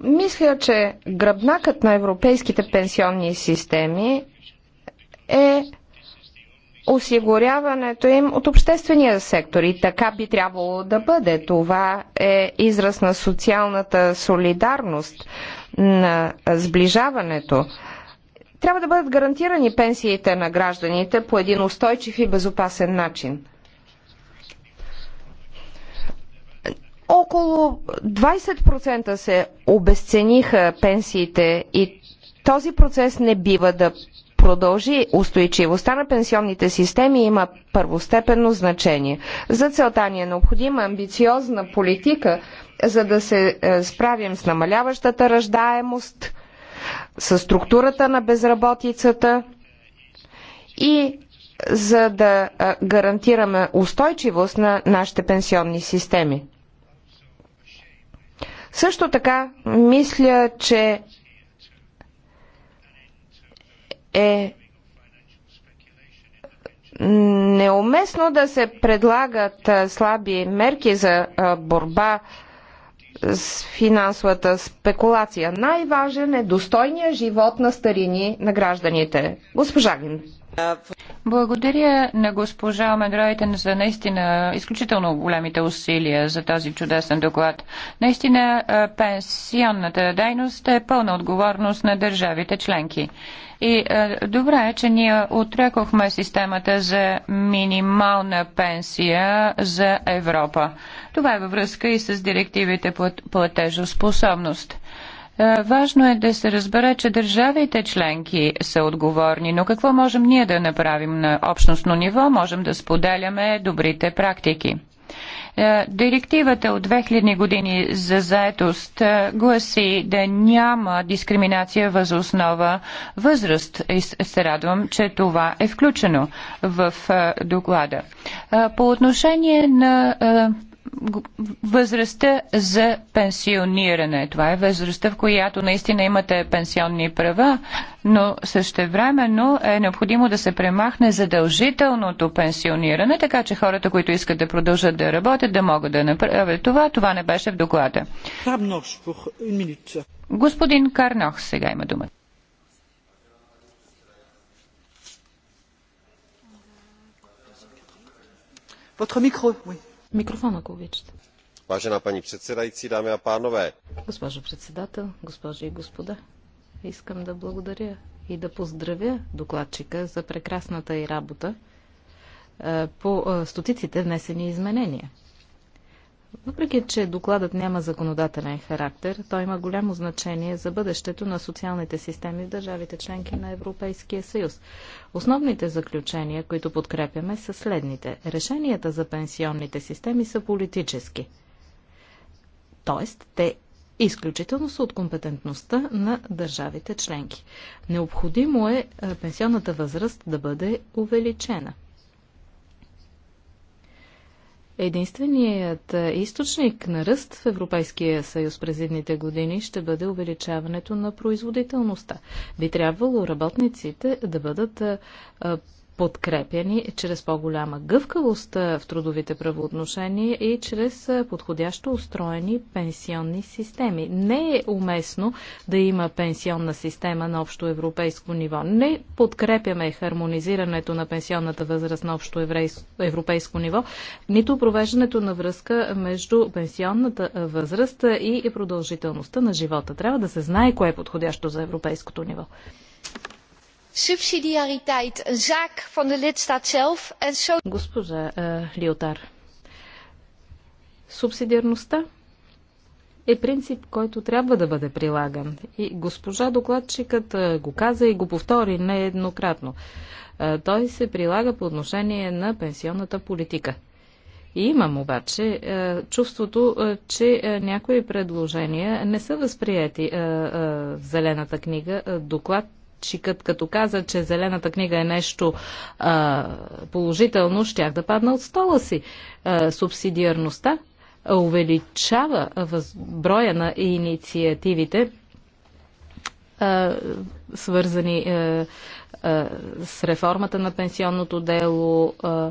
мисля, че гръбнакът на европейските пенсионни системи е осигуряването им от обществения сектор и така би трябвало да бъде. Това е израз на социалната солидарност, на сближаването. Трябва да бъдат гарантирани пенсиите на гражданите по един устойчив и безопасен начин. Около 20% се обесцениха пенсиите и този процес не бива да продължи устойчивостта на пенсионните системи има първостепенно значение. За целта ни е необходима амбициозна политика, за да се е, справим с намаляващата ръждаемост – със структурата на безработицата и за да гарантираме устойчивост на нашите пенсионни системи. Също така, мисля, че е неуместно да се предлагат слаби мерки за борба с финансовата спекулация. Най-важен е достойния живот на старини на гражданите. Госпожа Гин. Благодаря на госпожа Медройтен за наистина изключително големите усилия за този чудесен доклад. Наистина пенсионната дейност е пълна отговорност на държавите членки. И е, добре е, че ние отрекохме системата за минимална пенсия за Европа. Това е във връзка и с директивите платежоспособност. Е, важно е да се разбере, че държавите членки са отговорни, но какво можем ние да направим на общностно ниво? Можем да споделяме добрите практики. Е, директивата от 2000 години за заетост е, гласи да няма дискриминация въз основа възраст. И се радвам, че това е включено в е, доклада. По отношение на възрастта за пенсиониране. Това е възрастта, в която наистина имате пенсионни права, но същевременно е необходимо да се премахне задължителното пенсиониране, така че хората, които искат да продължат да работят, да могат да направят това. Това не беше в доклада. Господин Карнох сега има думата. Votre micro, oui. Микрофон, ако обичате. Важена пани председайци, дами и панове. Госпожо председател, госпожи и господа, искам да благодаря и да поздравя докладчика за прекрасната и работа е, по е, стотиците внесени изменения. Въпреки, че докладът няма законодателен характер, той има голямо значение за бъдещето на социалните системи в държавите членки на Европейския съюз. Основните заключения, които подкрепяме, са следните. Решенията за пенсионните системи са политически. Тоест, те изключително са от компетентността на държавите членки. Необходимо е, е пенсионната възраст да бъде увеличена – Единственият източник на ръст в Европейския съюз през едните години ще бъде увеличаването на производителността. Би трябвало работниците да бъдат подкрепяни чрез по-голяма гъвкавост в трудовите правоотношения и чрез подходящо устроени пенсионни системи. Не е уместно да има пенсионна система на общо европейско ниво. Не подкрепяме хармонизирането на пенсионната възраст на общо европейско ниво, нито провеждането на връзка между пенсионната възраст и продължителността на живота. Трябва да се знае кое е подходящо за европейското ниво. Subsidiariteit, een zaak van de lidstaat zelf en zo. Госпожа е, Лиотар, субсидиарността е принцип, който трябва да бъде прилаган. И госпожа докладчикът е, го каза и го повтори нееднократно. Е, той се прилага по отношение на пенсионната политика. И имам обаче чувството, че някои предложения не са възприяти в Зелената книга. Доклад докладчикът, като каза, че зелената книга е нещо а, положително, щях да падна от стола си. А, субсидиарността увеличава броя на инициативите, а, свързани а, а, с реформата на пенсионното дело, а,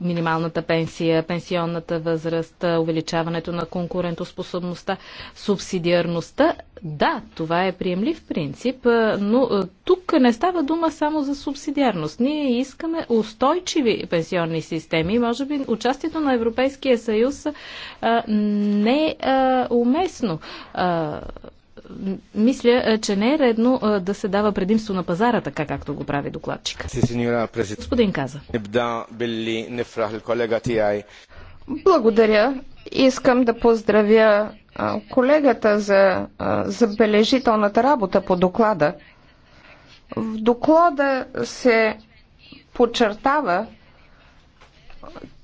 минималната пенсия, пенсионната възраст, увеличаването на конкурентоспособността, субсидиарността. Да, това е приемлив принцип, но тук не става дума само за субсидиарност. Ние искаме устойчиви пенсионни системи. Може би участието на Европейския съюз не е уместно мисля, е, че не е редно е, да се дава предимство на пазара, така както го прави докладчика. Господин Каза. Благодаря. Искам да поздравя колегата за забележителната работа по доклада. В доклада се подчертава,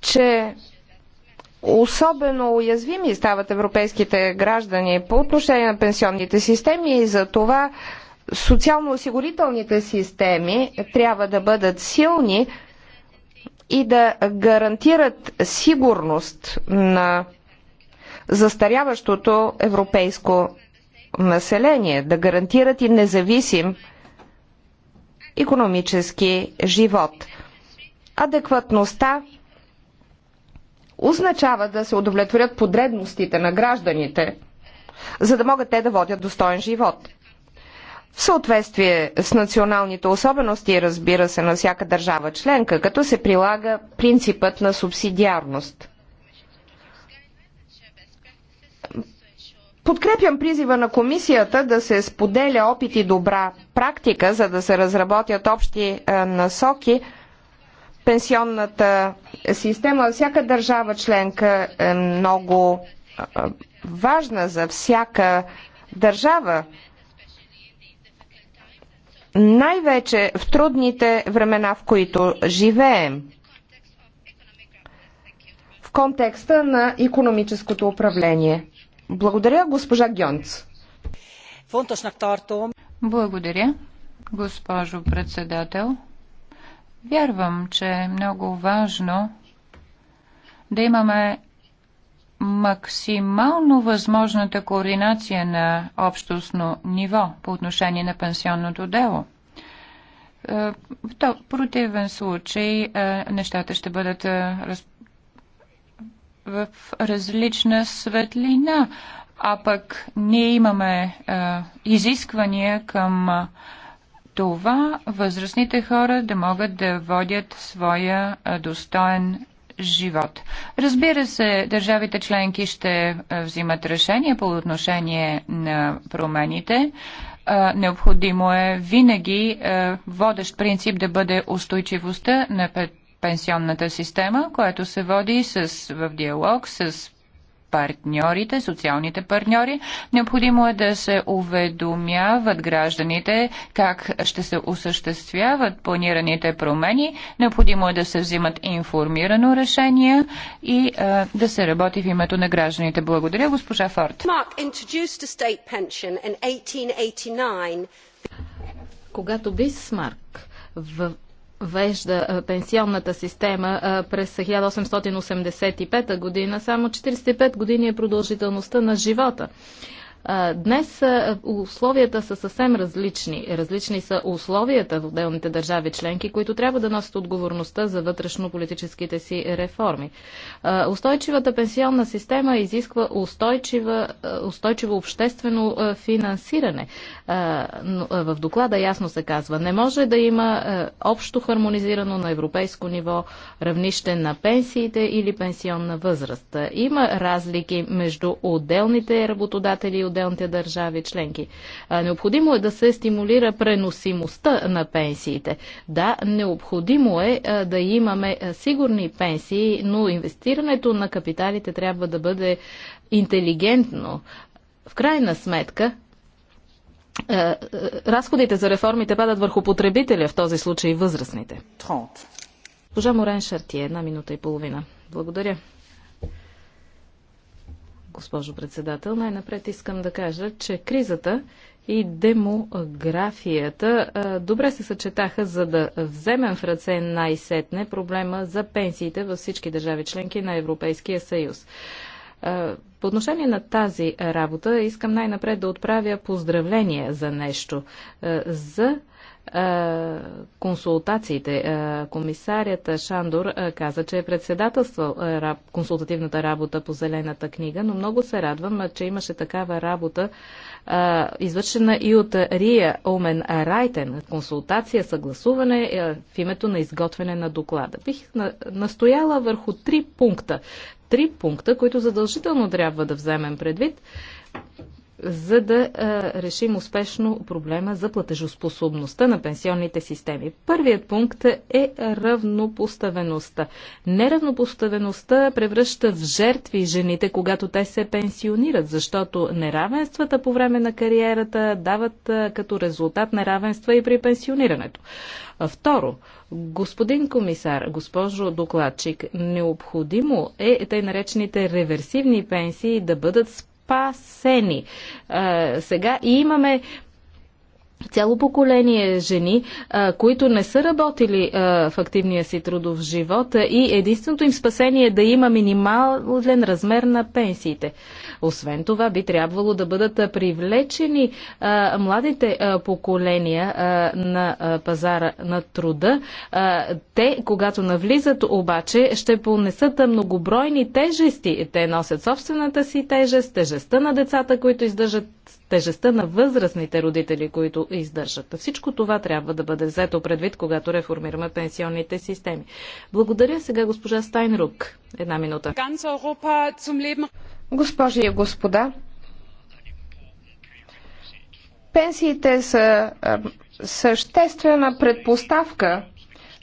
че особено уязвими стават европейските граждани по отношение на пенсионните системи и за това социално-осигурителните системи трябва да бъдат силни и да гарантират сигурност на застаряващото европейско население, да гарантират и независим економически живот. Адекватността означава да се удовлетворят подребностите на гражданите, за да могат те да водят достоен живот. В съответствие с националните особености, разбира се, на всяка държава членка, като се прилага принципът на субсидиарност. Подкрепям призива на комисията да се споделя опит и добра практика, за да се разработят общи е, насоки – пенсионната система всяка държава членка е много важна за всяка държава. Най-вече в трудните времена, в които живеем. В контекста на економическото управление. Благодаря, госпожа Гьонц. Благодаря, госпожо председател. Вярвам, че е много важно да имаме максимално възможната координация на общностно ниво по отношение на пенсионното дело. Е, в противен случай е, нещата ще бъдат е, в различна светлина, а пък ние имаме изисквания към това възрастните хора да могат да водят своя достоен живот. Разбира се, държавите членки ще взимат решение по отношение на промените. Необходимо е винаги водещ принцип да бъде устойчивостта на пенсионната система, която се води с, в диалог с партньорите, социалните партньори. Необходимо е да се уведомяват гражданите как ще се осъществяват планираните промени. Необходимо е да се взимат информирано решение и а, е, да се работи в името на гражданите. Благодаря, госпожа Форд. Когато Бисмарк в въвежда пенсионната система през 1885 година, само 45 години е продължителността на живота. Днес условията са съвсем различни. Различни са условията в отделните държави членки, които трябва да носят отговорността за вътрешно-политическите си реформи. Устойчивата пенсионна система изисква устойчива, устойчиво обществено финансиране. В доклада ясно се казва, не може да има общо хармонизирано на европейско ниво равнище на пенсиите или пенсионна възраст. Има разлики между отделните работодатели и отделните отделните държави членки. Необходимо е да се стимулира преносимостта на пенсиите. Да, необходимо е да имаме сигурни пенсии, но инвестирането на капиталите трябва да бъде интелигентно. В крайна сметка, разходите за реформите падат върху потребителя, в този случай възрастните. 30. Служа Морен Шартие, една минута и половина. Благодаря госпожо председател. Най-напред искам да кажа, че кризата и демографията добре се съчетаха, за да вземем в ръце най-сетне проблема за пенсиите във всички държави членки на Европейския съюз. По отношение на тази работа искам най-напред да отправя поздравления за нещо. За е, консултациите. Е, комисарят Шандор е, каза, че е председателствал консултативната работа по Зелената книга, но много се радвам, че имаше такава работа, извършена и от Рия Омен Райтен. Консултация, съгласуване в името на изготвяне на доклада. Бих настояла върху три пункта. Три пункта, които задължително трябва да вземем предвид за да е, решим успешно проблема за платежоспособността на пенсионните системи. Първият пункт е равнопоставеността. Неравнопоставеността превръща в жертви жените, когато те се пенсионират, защото неравенствата по време на кариерата дават е, като резултат неравенства и при пенсионирането. Второ, господин комисар, госпожо докладчик, необходимо е тъй наречените реверсивни пенсии да бъдат спасени. Сега имаме цяло поколение жени, които не са работили в активния си трудов живот и единственото им спасение е да има минимален размер на пенсиите. Освен това, би трябвало да бъдат привлечени младите поколения на пазара на труда. Те, когато навлизат обаче, ще понесат многобройни тежести. Те носят собствената си тежест, тежестта на децата, които издържат тежестта на възрастните родители, които издържат. Всичко това трябва да бъде взето предвид, когато реформираме пенсионните системи. Благодаря сега госпожа Стайнрук. Една минута. Госпожи и господа, пенсиите са съществена предпоставка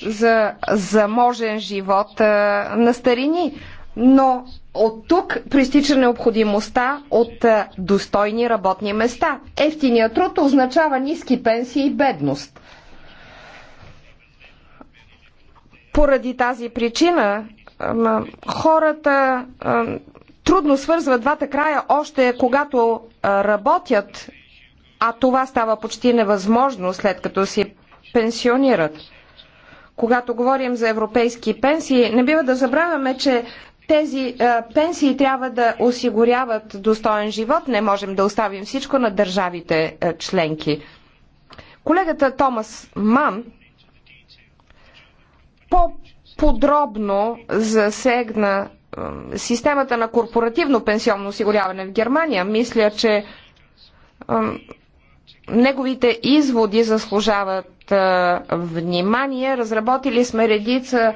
за заможен живот на старини, но от тук проистича необходимостта от достойни работни места. Ефтиният труд означава ниски пенсии и бедност. Поради тази причина хората трудно свързват двата края още когато работят, а това става почти невъзможно след като си пенсионират. Когато говорим за европейски пенсии, не бива да забравяме, че тези а, пенсии трябва да осигуряват достоен живот. Не можем да оставим всичко на държавите а, членки. Колегата Томас Ман по-подробно засегна а, системата на корпоративно пенсионно осигуряване в Германия. Мисля, че а, неговите изводи заслужават а, внимание. Разработили сме редица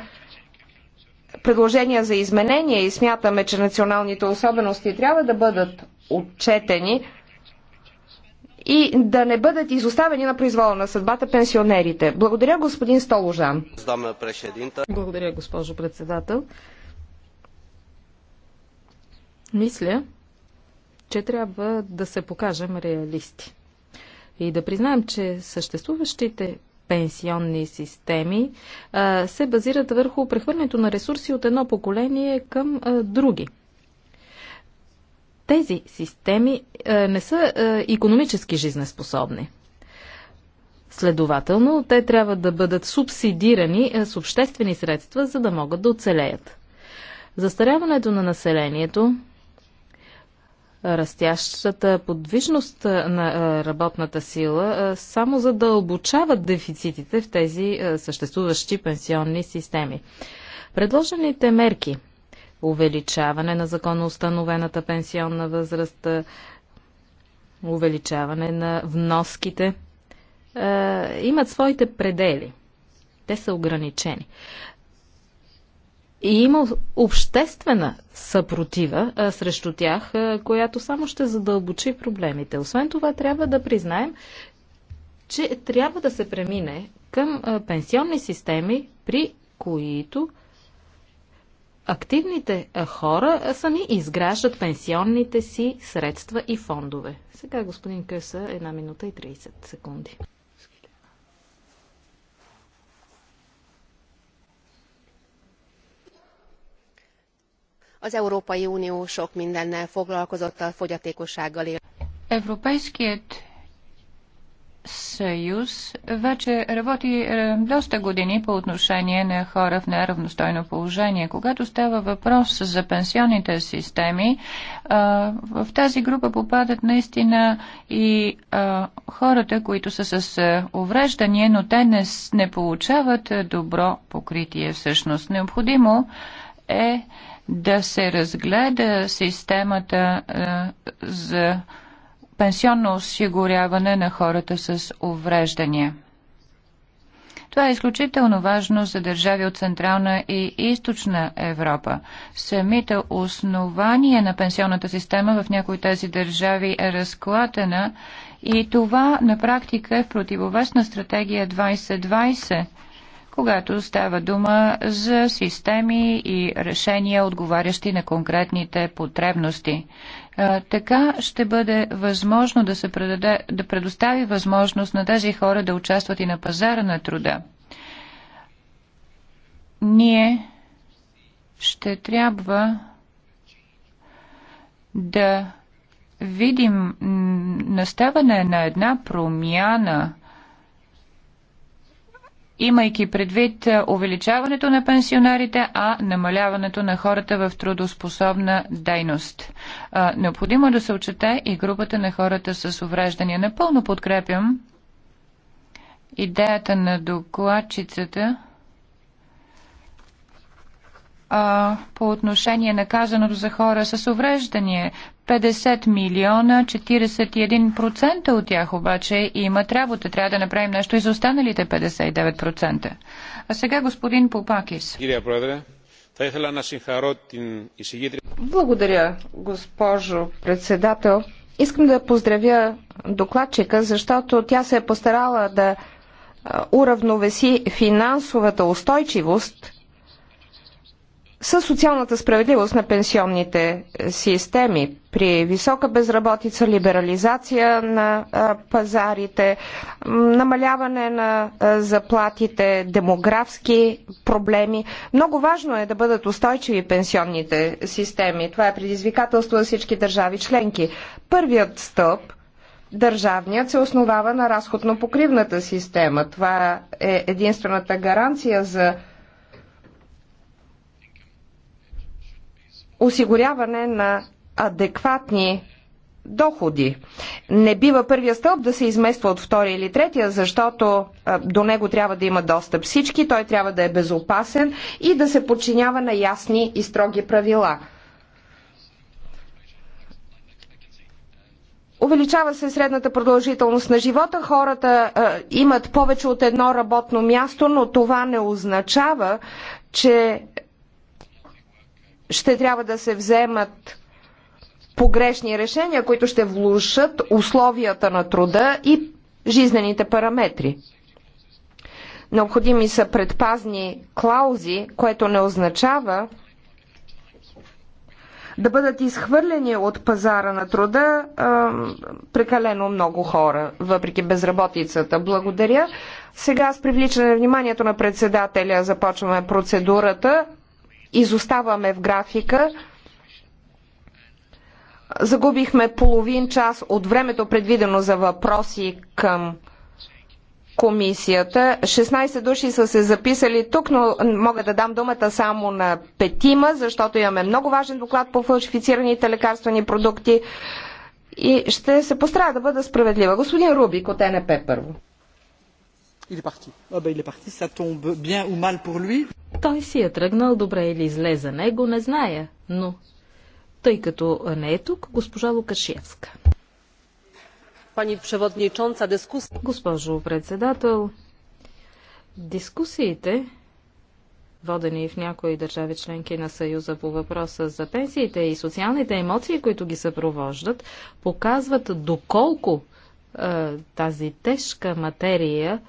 предложения за изменения и смятаме, че националните особености трябва да бъдат отчетени и да не бъдат изоставени на произвола на съдбата пенсионерите. Благодаря, господин Столожан. Благодаря, госпожо председател. Мисля, че трябва да се покажем реалисти и да признаем, че съществуващите пенсионни системи се базират върху прехвърлянето на ресурси от едно поколение към други. Тези системи не са економически жизнеспособни. Следователно, те трябва да бъдат субсидирани с обществени средства, за да могат да оцелеят. Застаряването на населението растящата подвижност на работната сила само задълбочават да дефицитите в тези съществуващи пенсионни системи. Предложените мерки увеличаване на законоустановената пенсионна възраст, увеличаване на вноските, имат своите предели. Те са ограничени. И има обществена съпротива а, срещу тях, а, която само ще задълбочи проблемите. Освен това, трябва да признаем, че трябва да се премине към а, пенсионни системи, при които активните а, хора а, сами изграждат пенсионните си средства и фондове. Сега господин Къса, една минута и 30 секунди. az európai unió sok mindennel foglalkozott a fogyatékossággal él. Европейският съюз вече работи е, доста години по отношение на хора в неравностойно положение. Когато става въпрос за пенсионните системи, е, в тази група попадат наистина и е, хората, които са с увреждания, но те не, не получават добро покритие всъщност. Необходимо е да се разгледа системата е, за пенсионно осигуряване на хората с увреждания. Това е изключително важно за държави от Централна и Източна Европа. Самите основания на пенсионната система в някои тези държави е разклатена и това на практика е в противовес на стратегия 2020 когато става дума за системи и решения, отговарящи на конкретните потребности. Така ще бъде възможно да се предаде, да предостави възможност на тези хора да участват и на пазара на труда. Ние ще трябва да видим наставане на една промяна имайки предвид е, увеличаването на пенсионарите, а намаляването на хората в трудоспособна дейност. Е, необходимо е да се отчете и групата на хората с увреждания. Напълно подкрепям идеята на докладчицата – а, по отношение на казаното за хора с увреждане. 50 милиона, 41% от тях обаче имат работа. Трябва да направим нещо и за останалите 59%. А сега господин Попакис. Благодаря, госпожо председател. Искам да поздравя докладчика, защото тя се е постарала да уравновеси финансовата устойчивост – със социалната справедливост на пенсионните системи. При висока безработица, либерализация на пазарите, намаляване на заплатите, демографски проблеми. Много важно е да бъдат устойчиви пенсионните системи. Това е предизвикателство за всички държави членки. Първият стълб – Държавният се основава на разходно-покривната система. Това е единствената гаранция за осигуряване на адекватни доходи. Не бива първия стълб да се измества от втория или третия, защото до него трябва да има достъп всички, той трябва да е безопасен и да се подчинява на ясни и строги правила. Увеличава се средната продължителност на живота, хората а, имат повече от едно работно място, но това не означава, че ще трябва да се вземат погрешни решения, които ще влушат условията на труда и жизнените параметри. Необходими са предпазни клаузи, което не означава да бъдат изхвърлени от пазара на труда а, прекалено много хора, въпреки безработицата. Благодаря. Сега с привличане на вниманието на председателя започваме процедурата изоставаме в графика. Загубихме половин час от времето предвидено за въпроси към комисията. 16 души са се записали тук, но мога да дам думата само на петима, защото имаме много важен доклад по фалшифицираните лекарствени продукти и ще се постарая да бъда справедлива. Господин Рубик от НП първо. Той си е тръгнал, добре или зле за него, не зная, но тъй като не е тук, госпожа Лукашевска. Госпожо председател, дискусиите, водени в някои държави членки на Съюза по въпроса за пенсиите и социалните емоции, които ги съпровождат, показват доколко тази тежка материя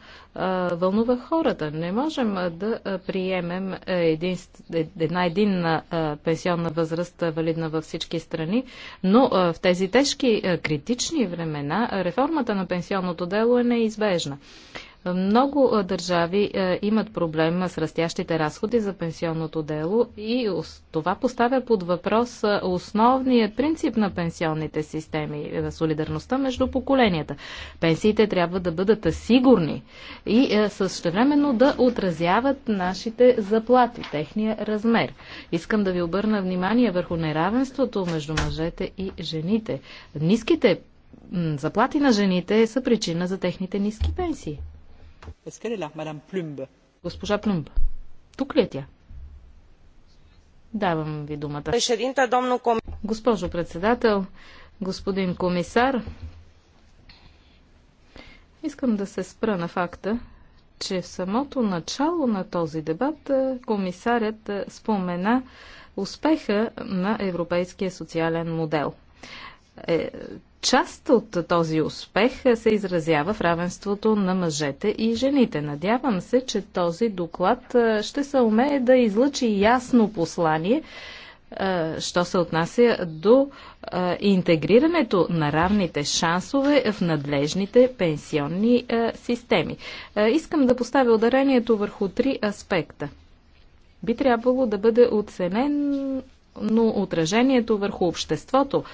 вълнува хората. Не можем да приемем един, е, една единна пенсионна възраст, валидна във всички страни, но в тези тежки критични времена реформата на пенсионното дело е неизбежна. Много държави имат проблем с растящите разходи за пенсионното дело и това поставя под въпрос основният принцип на пенсионните системи е, – солидарността между поколенията. Пенсиите трябва да бъдат сигурни и същевременно да отразяват нашите заплати, техния размер. Искам да ви обърна внимание върху неравенството между мъжете и жените. Ниските заплати на жените са причина за техните ниски пенсии. Госпожа Плюмб. Тук ли е тя? Давам ви думата. Госпожо председател, господин комисар, искам да се спра на факта, че в самото начало на този дебат е, комисарят е, спомена успеха на европейския социален модел. Е, Част от този успех се изразява в равенството на мъжете и жените. Надявам се, че този доклад ще се умее да излъчи ясно послание, що се отнася до интегрирането на равните шансове в надлежните пенсионни системи. Искам да поставя ударението върху три аспекта. Би трябвало да бъде оценен но отражението върху обществото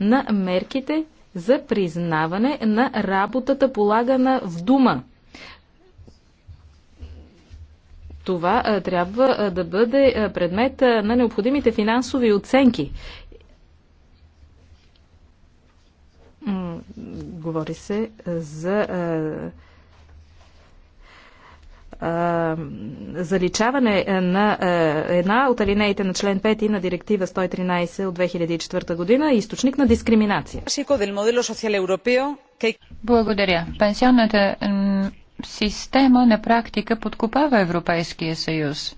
на мерките за признаване на работата полагана в дума. Това трябва да бъде предмет на необходимите финансови оценки. говори се за а, а, заличаване на а, една от алинеите на член 5 на директива 113 от 2004 година е източник на дискриминация. Благодаря. Пенсионната система на практика подкупава Европейския съюз.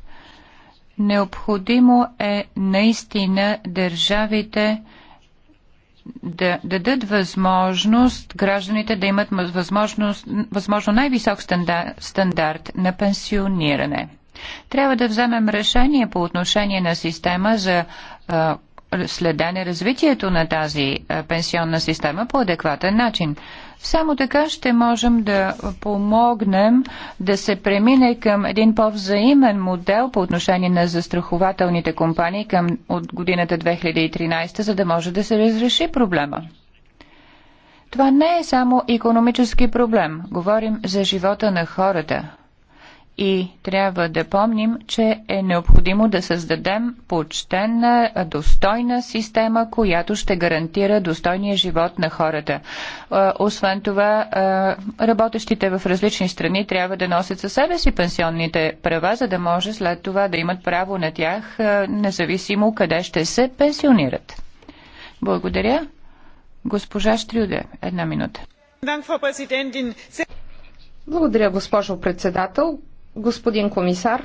Необходимо е наистина държавите да дадат възможност гражданите да имат възможност, възможно най-висок стандарт, стандарт на пенсиониране. Трябва да вземем решение по отношение на система за а, следене развитието на тази пенсионна система по адекватен начин. Само така ще можем да помогнем да се премине към един по-взаимен модел по отношение на застрахователните компании към от годината 2013, за да може да се разреши проблема. Това не е само економически проблем. Говорим за живота на хората – и трябва да помним, че е необходимо да създадем почтена, достойна система, която ще гарантира достойния живот на хората. Освен това, работещите в различни страни трябва да носят със себе си пенсионните права, за да може след това да имат право на тях, независимо къде ще се пенсионират. Благодаря. Госпожа Штрюде, една минута. Благодаря, госпожо председател господин комисар.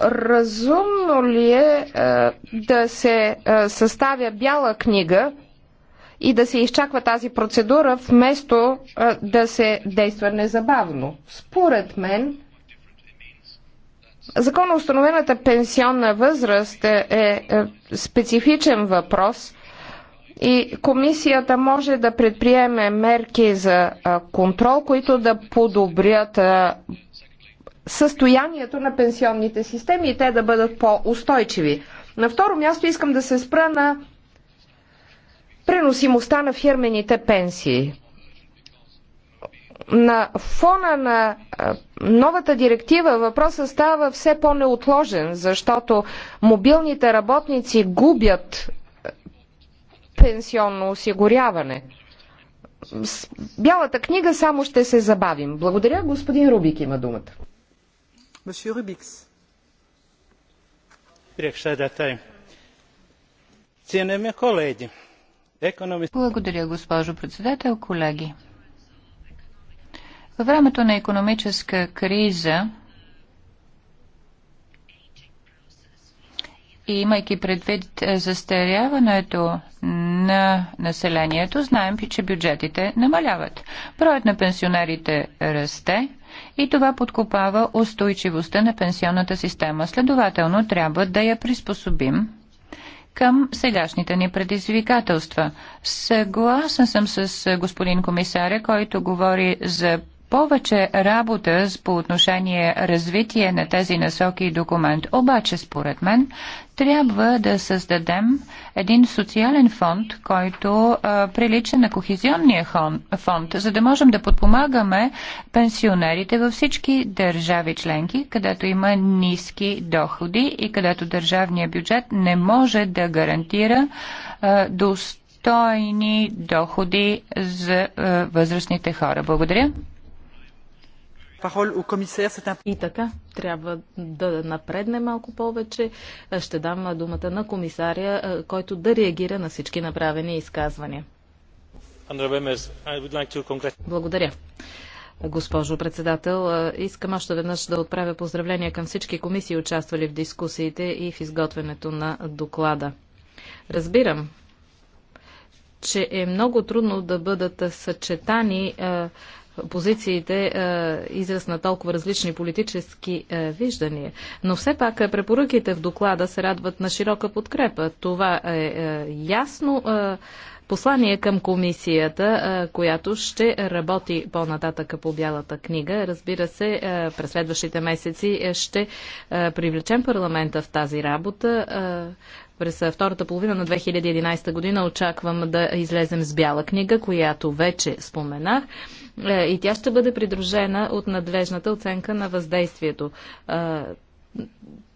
Разумно ли е, е да се е, съставя бяла книга и да се изчаква тази процедура, вместо е, да се действа незабавно? Според мен, Законоустановената пенсионна възраст е специфичен въпрос – и комисията може да предприеме мерки за контрол, които да подобрят състоянието на пенсионните системи и те да бъдат по-устойчиви. На второ място искам да се спра на преносимостта на фирмените пенсии. На фона на новата директива въпросът става все по-неотложен, защото мобилните работници губят пенсионно осигуряване. С бялата книга само ще се забавим. Благодаря. Господин Рубик има думата. Благодаря, госпожо председател, колеги. Във времето на економическа криза и имайки предвид е, застаряването на населението, знаем, че бюджетите намаляват. Броят на пенсионерите расте и това подкопава устойчивостта на пенсионната система. Следователно, трябва да я приспособим към сегашните ни предизвикателства. Съгласен съм с господин комисаря, който говори за повече работа по отношение развитие на тези насоки и документ. Обаче, според мен, трябва да създадем един социален фонд, който а, прилича на кохезионния фонд, за да можем да подпомагаме пенсионерите във всички държави членки, където има ниски доходи и където държавният бюджет не може да гарантира а, достойни доходи за а, възрастните хора. Благодаря. И така, трябва да напредне малко повече. Ще дам думата на комисаря, е, който да реагира на всички направени изказвания. Благодаря. Госпожо председател, е, искам още веднъж да отправя поздравления към всички комисии, участвали в дискусиите и в изготвянето на доклада. Разбирам, че е много трудно да бъдат съчетани е, позициите е, израз на толкова различни политически е, виждания. Но все пак е, препоръките в доклада се радват на широка подкрепа. Това е ясно послание към комисията, която ще работи по нататъка по Бялата книга. Разбира се, през следващите месеци ще привлечем парламента в тази работа. През втората половина на 2011 година очаквам да излезем с бяла книга, която вече споменах. Е, и тя ще бъде придружена от надлежната оценка на въздействието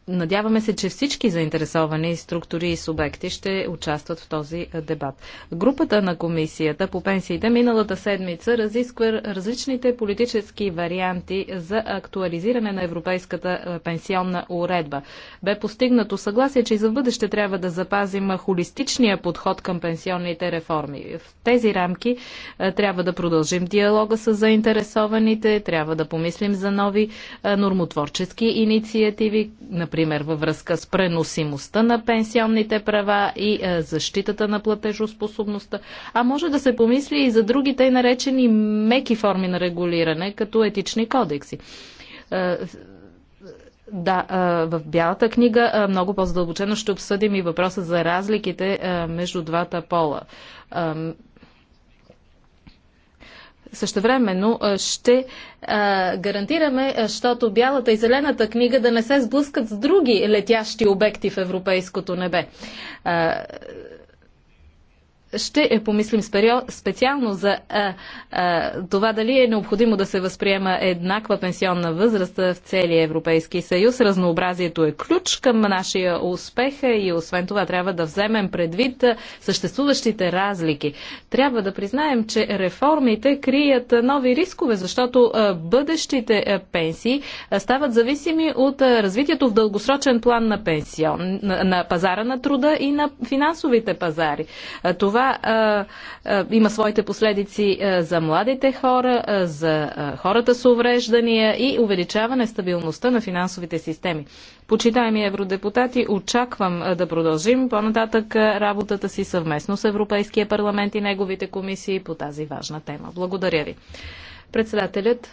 Надяваме се, че всички заинтересовани структури и субекти ще участват в този дебат. Групата на комисията по пенсиите миналата седмица разисква различните политически варианти за актуализиране на европейската пенсионна уредба. Бе постигнато съгласие, че и за бъдеще трябва да запазим холистичния подход към пенсионните реформи. В тези рамки трябва да продължим диалога с заинтересованите, трябва да помислим за нови нормотворчески инициативи, например например във връзка с преносимостта на пенсионните права и е, защитата на платежоспособността, а може да се помисли и за другите и наречени меки форми на регулиране, като етични кодекси. Е, да, е, в Бялата книга много по-задълбочено ще обсъдим и въпроса за разликите между двата пола. Същевременно ще а, гарантираме, защото бялата и зелената книга да не се сблъскат с други летящи обекти в европейското небе. А, ще помислим специално за а, а, това дали е необходимо да се възприема еднаква пенсионна възраст в целия Европейски съюз. Разнообразието е ключ към нашия успех и освен това трябва да вземем предвид съществуващите разлики. Трябва да признаем, че реформите крият нови рискове, защото бъдещите пенсии стават зависими от развитието в дългосрочен план на пенсион, на, на пазара на труда и на финансовите пазари. Това това а, а, има своите последици а, за младите хора, а, за а, хората с увреждания и увеличаване стабилността на финансовите системи. Почитаеми евродепутати, очаквам да продължим по-нататък работата си съвместно с Европейския парламент и неговите комисии по тази важна тема. Благодаря ви. Председателят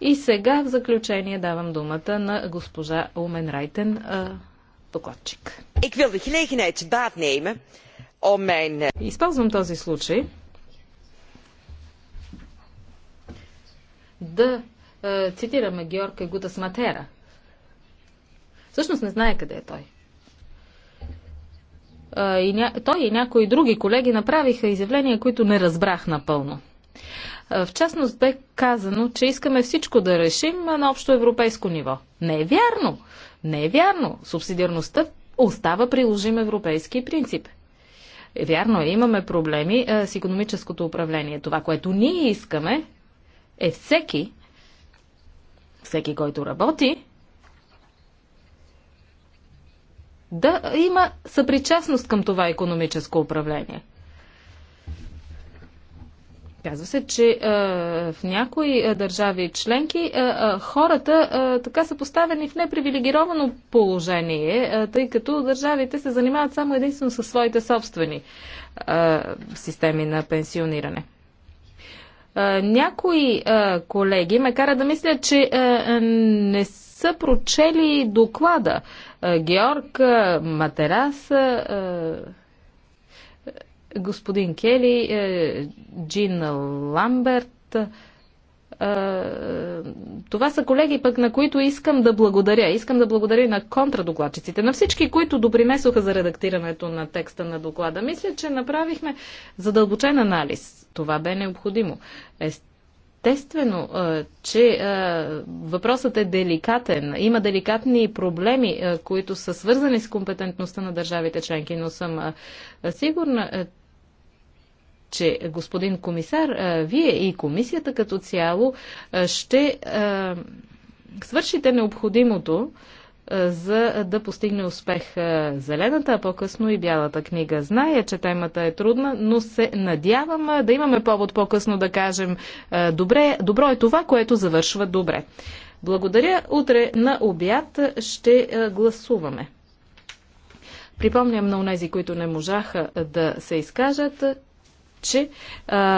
и сега в заключение давам думата на госпожа Умен Райтен, докладчик. Ik wil de gelegenheid baat nemen Използвам този случай да е, цитираме Георг Гутас Матера. Всъщност не знае къде е той. Е, и ня... Той и някои други колеги направиха изявления, които не разбрах напълно. Е, в частност бе казано, че искаме всичко да решим е, на общо европейско ниво. Не е вярно! Не е вярно! Субсидиарността остава приложим европейски принцип. Е, вярно е, имаме проблеми е, с економическото управление. Това, което ние искаме, е всеки, всеки, който работи, да има съпричастност към това економическо управление. Казва се, че е, в някои е, държави членки е, хората така са поставени в непривилегировано положение, тъй като държавите се занимават само единствено със своите собствени системи на пенсиониране някои а, колеги ме кара да мисля, че а, не са прочели доклада. А, Георг Матерас господин Кели, е, Джин Ламберт. Е, това са колеги, пък на които искам да благодаря. Искам да благодаря на контрадокладчиците, на всички, които допринесоха за редактирането на текста на доклада. Мисля, че направихме задълбочен анализ. Това бе необходимо. Естествено, е, че въпросът е деликатен. Има деликатни проблеми, които са свързани с компетентността на държавите членки, но съм сигурна, че господин комисар, вие и комисията като цяло ще свършите необходимото, за да постигне успех зелената, а по-късно и бялата книга. Зная, че темата е трудна, но се надявам да имаме повод по-късно да кажем добре, добро е това, което завършва добре. Благодаря. Утре на обяд ще гласуваме. Припомням на унези, които не можаха да се изкажат, че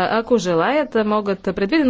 ако желаят, могат предвидено